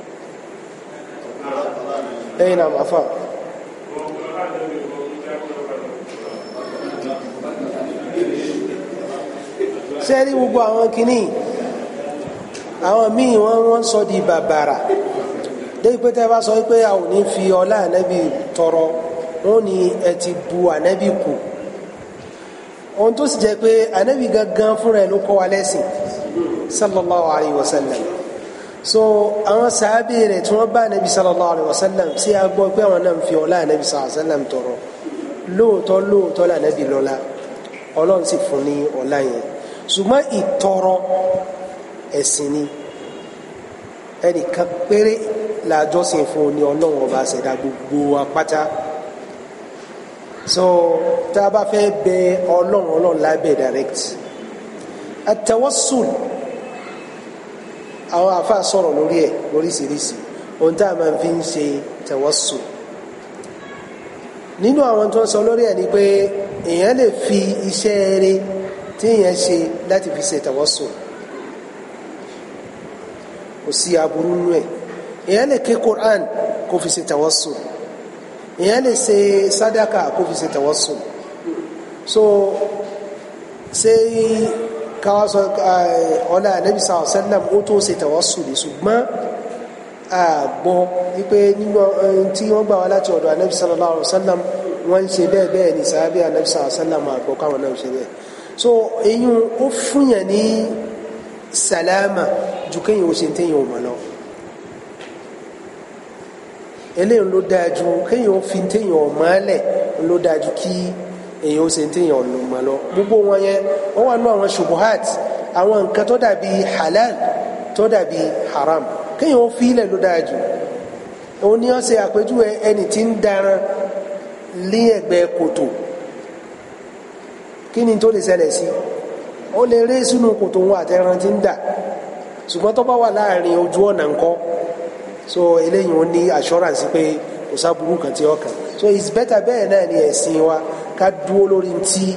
lẹ́yìn náà máa fà. ṣé rí gbogbo àwọn kìíní àwọn míì wọ́n wọ́n sọ di bàbàrà débi pé tẹ́ bá sọ pé a ò ní fi ọlá ànábì tọrọ wọ́n ní ẹ ti bu ànábì kù ohun tó sì jẹ́ pé ànábì gangan fúnra ẹ̀ ló wa lẹ́sìn sallallahu alayhi wa sallam so àwọn sàábì rẹ̀ tí wọ́n bá ànábì sallallahu alayhi wa sallam sí agbọ́ pé àwọn náà ń fi ọlá ànábì sallallahu alayhi wa sallam tọrọ lóòótọ́ lóòótọ́ lànábì lọ́lá ọlọ́run sì fún ní ọlá yẹn ṣùgbọ́n ìtọrọ ẹ̀sìn ni ẹnìkan péré làjọsìn fún ní ọlọ́run ọba ṣẹ̀dá gbogbo apáta so tá a bá fẹ́ bẹ ọlọ́run ọlọ́run lábẹ́ direct atawassul àwọn àfa sọ̀rọ̀ lórí ẹ̀ lóríṣiríṣi ohun tá a máa fi ń ṣe tawassul nínú àwọn tó ń sọ lórí ẹ̀ ni pé èèyàn lè fi iṣẹ́ eré tí èèyàn ṣe láti fi ṣe tawassul kò sí aburú nú ẹ̀ èèyàn lè ké Qur'an kó fi ṣe tawassul èèyàn lè ṣe sádàkà kó fi ṣe tawassul so ṣé káwá sọ eh, ọ̀la ànábì sàlọ̀ sẹ́lẹ̀m ó tó ṣe tawassuli ṣùgbọ́n àgbọ̀ wípé nínú tí wọ́n gbà wá láti ọ̀dọ̀ ànábì sallallahu alaihi wasallam wọ́n ń ṣe bẹ́ẹ̀ bẹ́ẹ̀ ní sàábì ànábì sallallahu alaihi wasallam àgbọ̀ káwọn náà so eyín ó fúnyàn ní sàlámà ju kéyìn ó ṣe ń ju kéyìn ó fi téyìn ò ju kí èyàn ó ṣe téèyàn ọ̀lùmọ̀ lọ gbogbo wọn yẹn wọ́n wà nú àwọn shubuhat àwọn nǹkan tó dàbí halal tó dàbí haram kéèyàn ó fi ilẹ̀ ló dáa jù òun ni wọ́n ṣe àpèjúwe ẹni tí ń daran lé ẹ̀gbẹ́ kòtò kí ni tó lè ṣẹlẹ̀ sí ó lè ré sínú kòtò wọn àtẹran tí ń dà ṣùgbọ́n tó bá wà láàrin ojú ọ̀nà ńkọ́ so eléyìí ó ní assurance pé kò sábúrú kan tí ọkàn so it's better bẹ́ẹ̀ náà ni ẹ̀sìn wa. ká dúró lórí tí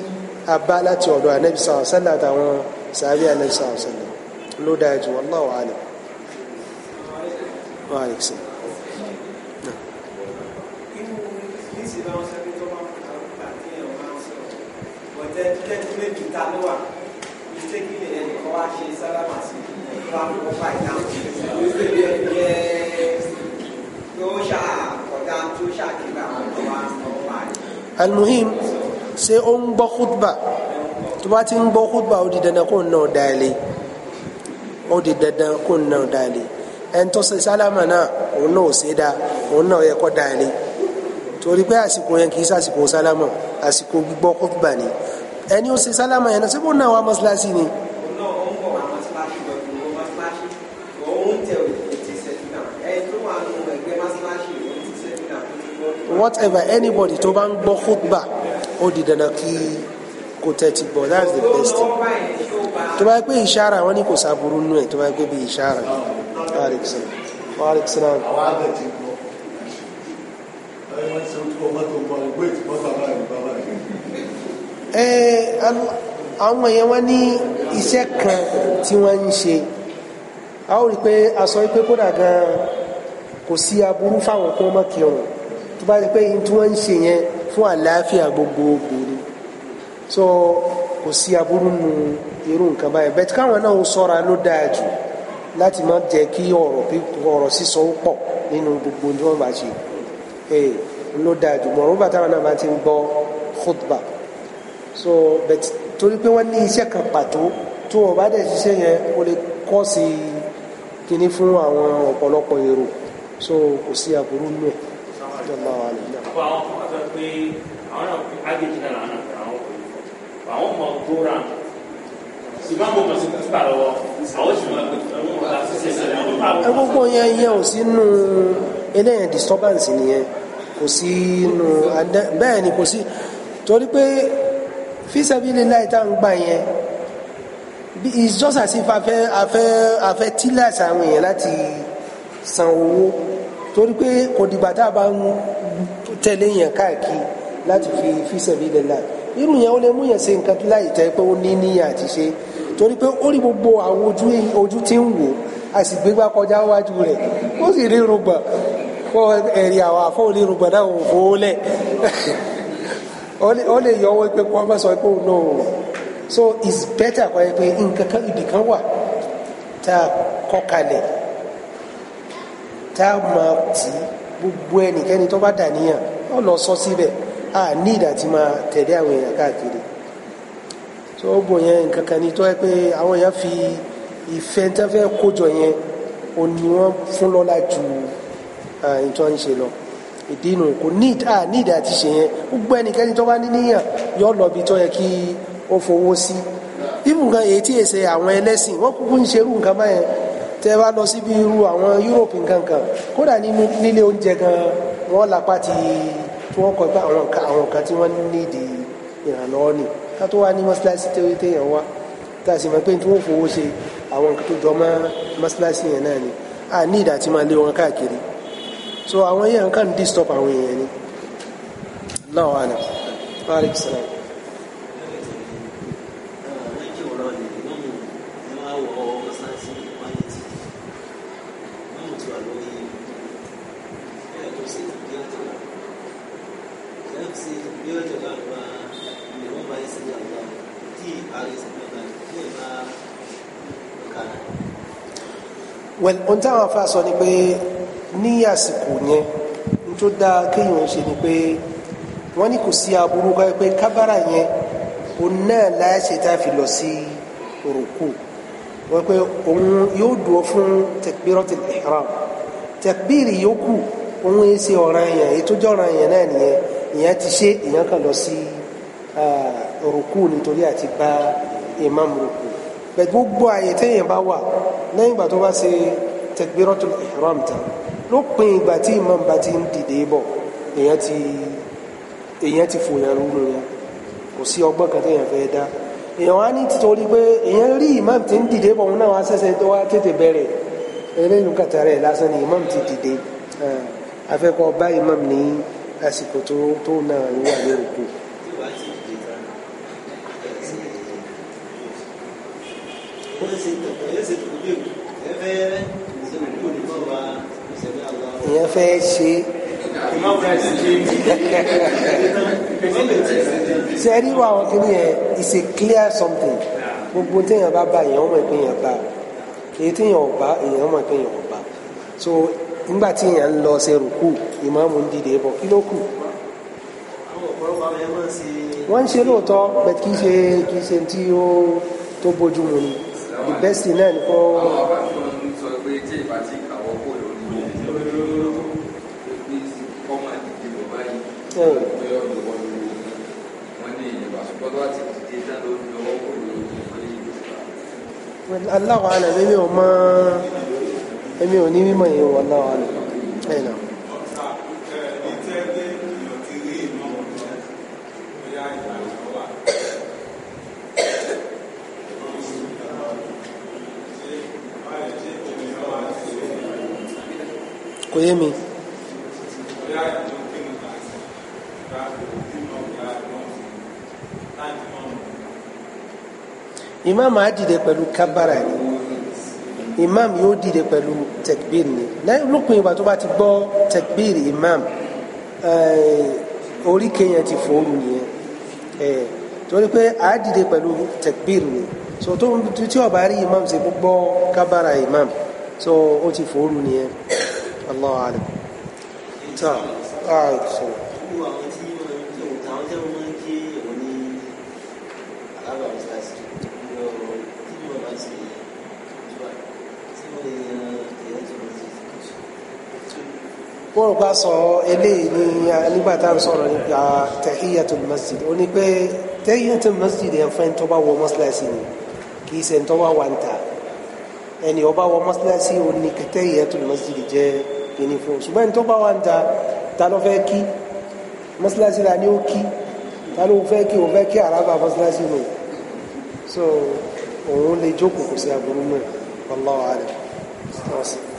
a bá láti ọ̀dọ̀ anabi sàwọn sálà àtàwọn sàbí anabi sàwọn sálà ló dáa jù wallahu alim wà ìtẹ́kìlẹ̀ ẹni Se ó ń gbọ́ kútbà tó bá ti ń gbọ́ kútbà ó di dandan kó náà dá ilé ó di dandan kó náà dá ilé ẹni tó ṣe sálámà náà òun náà ò ṣe é dá òun náà yẹ kó dá ilé torí pé àsìkò yẹn kì í sàsìkò sálámà àsìkò gbígbọ́ ni ẹni ó ṣe sálámà yẹn náà ṣé bó náà wá ni. whatever anybody tó bá ń gbọ́ khutba ó di dandan kí kò tẹ́tí gbọ́ that's the best tó bá yẹ pé ìṣára wọn ni kò sábúrú nù ẹ̀ tó bá yẹ pé bí ìṣára alexa alexa náà. ẹ àwọn yẹn wọ́n ní iṣẹ́ kan tí wọ́n ń ṣe a ó rí i pé a sọ pé kódà gan kò sí aburú fáwọn kí wọ́n mọ̀ kí ọ̀run tó bá rí i pé tí wọ́n ń ṣe yẹn fún àlàáfíà gbogbogbò ni so kò sí aburú nu irú nǹkan báyìí bẹ́ẹ̀ tí káwọn náà ṣọ́ra ló dáa jù láti má jẹ́ kí ọ̀rọ̀ ọ̀rọ̀ sísọ ó pọ̀ nínú gbogbo tí wọ́n bá ṣe ee eh, ló dáa jù mọ̀rún bàtà wọn náà bá ti ń gbọ́ khutba so bẹ́ẹ̀ torí pé wọ́n ní iṣẹ́ kan pàtó tó o bá dẹ̀ ṣiṣẹ́ yẹn o lè kọ́ sí kíní fún àwọn ọ̀pọ̀lọpọ̀ èrò so kò sí aburú nù ẹ̀ jọba wà lẹ́yìn pé àwọn náà fi ágéjì náà làwọn náà fi àwọn kò ní fọ àwọn mọ program ṣùgbọ́n mo mọ̀ sí pípa lọ́wọ́ àwọn sì máa pèsè àwọn ọ̀la ṣíṣe sílẹ̀ àwọn bá wọn. gbogbo yẹn yẹn ò sínú eléyẹn disturbance nìyẹn kò sínú bẹ́ẹ̀ ni kò sí torí pé fisabilillahi tá à ń gbà yẹn it's just as if afẹ́ afẹ́ afẹ́ tílẹ̀ àṣà àwọn èèyàn láti san owó torí pé kò dìgbà tá a bá ń tẹ̀lé yẹn káàkiri láti fi fi sabilillah irú yẹn ó lè mú yẹn ṣe nǹkan tẹ́ pé ó ní níyà ṣe torí pé ó rí gbogbo àwọn ojú tí ń wò a sì gbégbá kọjá wájú rẹ̀ ó sì rí irùngbọ̀n kó ẹ̀rí àwọn náà lẹ̀ lè pé kó so it's better kọ́ ẹ pé nǹkan kan kan wà gbogbo ẹnikẹ́ni tó bá dà níyàn ó lọ sọ síbẹ̀ a ní ìdá tí máa tẹ̀lé àwọn èèyàn káàkiri tó bò yẹn nǹkan kan ní tó yẹ pé àwọn èèyàn fi ìfẹ́ tó fẹ́ kójọ yẹn ò ní wọ́n fún lọ́la ju ìtọ́ ń ṣe lọ ìdí inú kò ní ìdá ní ìdá ti ṣe yẹn gbogbo ẹnikẹ́ni tó bá ní níyàn yọ lọ bí tó yẹ kí ó fowó sí ibùn kan èyí tí èsè àwọn ẹlẹ́sìn wọ́n kúkú ń ṣerú nǹkan báyẹn tẹ́ bá lọ síbi irú àwọn Europe nǹkan kan kódà nílé oúnjẹ gan wọ́n lápá ti tí wọ́n kọ́ pé àwọn nǹkan àwọn nǹkan tí wọ́n nídìí ìrànlọ́wọ́ ni ká tó wá ní mọ́ṣáláṣí téèyàn wá tá a sì mọ̀ pé tí wọ́n fowó ṣe àwọn nǹkan tó jọ mọ́ mọ́ṣáláṣí yẹn náà ni a ní ìdá tí máa lé wọn káàkiri so àwọn yẹn kàn disturb àwọn èèyàn ni náà wà náà. well ohun táwọn afa sọ ni pé ní àsìkò yẹn n tó dáa kéèyàn ṣe ni pé wọ́n ní kò sí aburú ká pé kábàrà yẹn òun náà láṣẹ tá a fi lọ sí òrùkù wọ́n pé òun yóò dúró fún takbiratul ihram takbiri yòókù òun yìí ṣe ọ̀ràn yẹn èyí tó jẹ́ ọ̀ràn yẹn náà nìyẹn ìyẹn ti ṣe ìyẹn kan lọ sí òrùkù ah, nítorí àti bá imam rò bẹ́ẹ̀ gbogbo àyè téèyàn bá wà lẹ́yìn ìgbà tó bá ṣe takbiratul ihram tán lópin ìgbà tí imam bá ti ń dìde bọ̀ èèyàn ti èèyàn ti fòyàn lóru yẹn kò sí ọgbọ́n kan téèyàn fẹ́ dá èèyàn wá ní títorí pé èèyàn rí imam ti ń dìde bọ̀ òun náà wá ṣẹ̀ṣẹ̀ tó wá tètè bẹ̀rẹ̀ eléyìí kàtà rẹ̀ lásán ni imam ti dìde afẹ́kọ̀ọ́ bá imam ní àsìkò tó náà wà ní òkú. ìyẹn fẹ́ ṣe sẹ́rí wa àwọn kìíní yẹn is a clear something gbogbo téèyàn bá ba èèyàn mọ̀ pé èèyàn bá èyí téèyàn ò bá èèyàn mọ̀ pé èèyàn ò bá so nígbà tí èèyàn ń lọ ṣe rùkú ìmáàmù ń dìde bọ̀ kí ló kù wọ́n ń ṣe lóòótọ́ bẹ̀t kì í ṣe kì í ṣe tí ó tó bójú mu ni the best thing náà ni kó. àwọn ọba tó ń sọ pé tí ìbá ti kàwọ́ kó lórí ní kọ́mà ìdìbò báyìí pé ọ̀dọ̀ wọn ni wọ́n ní ìyẹ̀bà ṣùgbọ́n tó bá ti dìde tán lórí ọwọ́ kó lórí wọn ní ìlú. aláwọ̀ àlẹ́ mi ò mọ ẹ̀mí ò ní mímọ̀ yìí wọ̀ aláwọ̀ àlẹ́ ẹ̀ náà. kò yé mi. imam á dìde pẹ̀lú kabara ni imam yóò dìde pẹ̀lú tẹ̀kbìrì ni lópin ìgbà tó bá ti gbọ́ tẹ̀kbìrì imam eh, oríkèé yẹn ti fòórù nìyẹn eh, torí pé á dìde pẹ̀lú tẹ̀kbìrì ni so tó tí ó bá rí imam ṣe gbọ́ kabara imam so ó ti fòórù nìyẹn. الله alam tá a sọ. wọ́n rò bá sọ eléyìí ní nígbà tá à ń sọ̀rọ̀ nípa tahiyatul masjid ó ní pé tahiyatul masjid yẹn fẹ́ ń tọ́ bá wọ mọ́sálásí ni kì í ṣe ń tọ́ bá wà ń ta ẹni ó bá wọ mọ́sálásí òní kẹtẹ́ ìyẹ́tò masjid jẹ́ kíní fún ṣùgbọ́n tó bá wà ń ta ta ló fẹ́ kí mọ́sálásí la ni ó kí ta ló fẹ́ kí ó fẹ́ kí àràbà mọ́sálásí nù so òun lè jókòó kò sí aburú náà wallahu alam.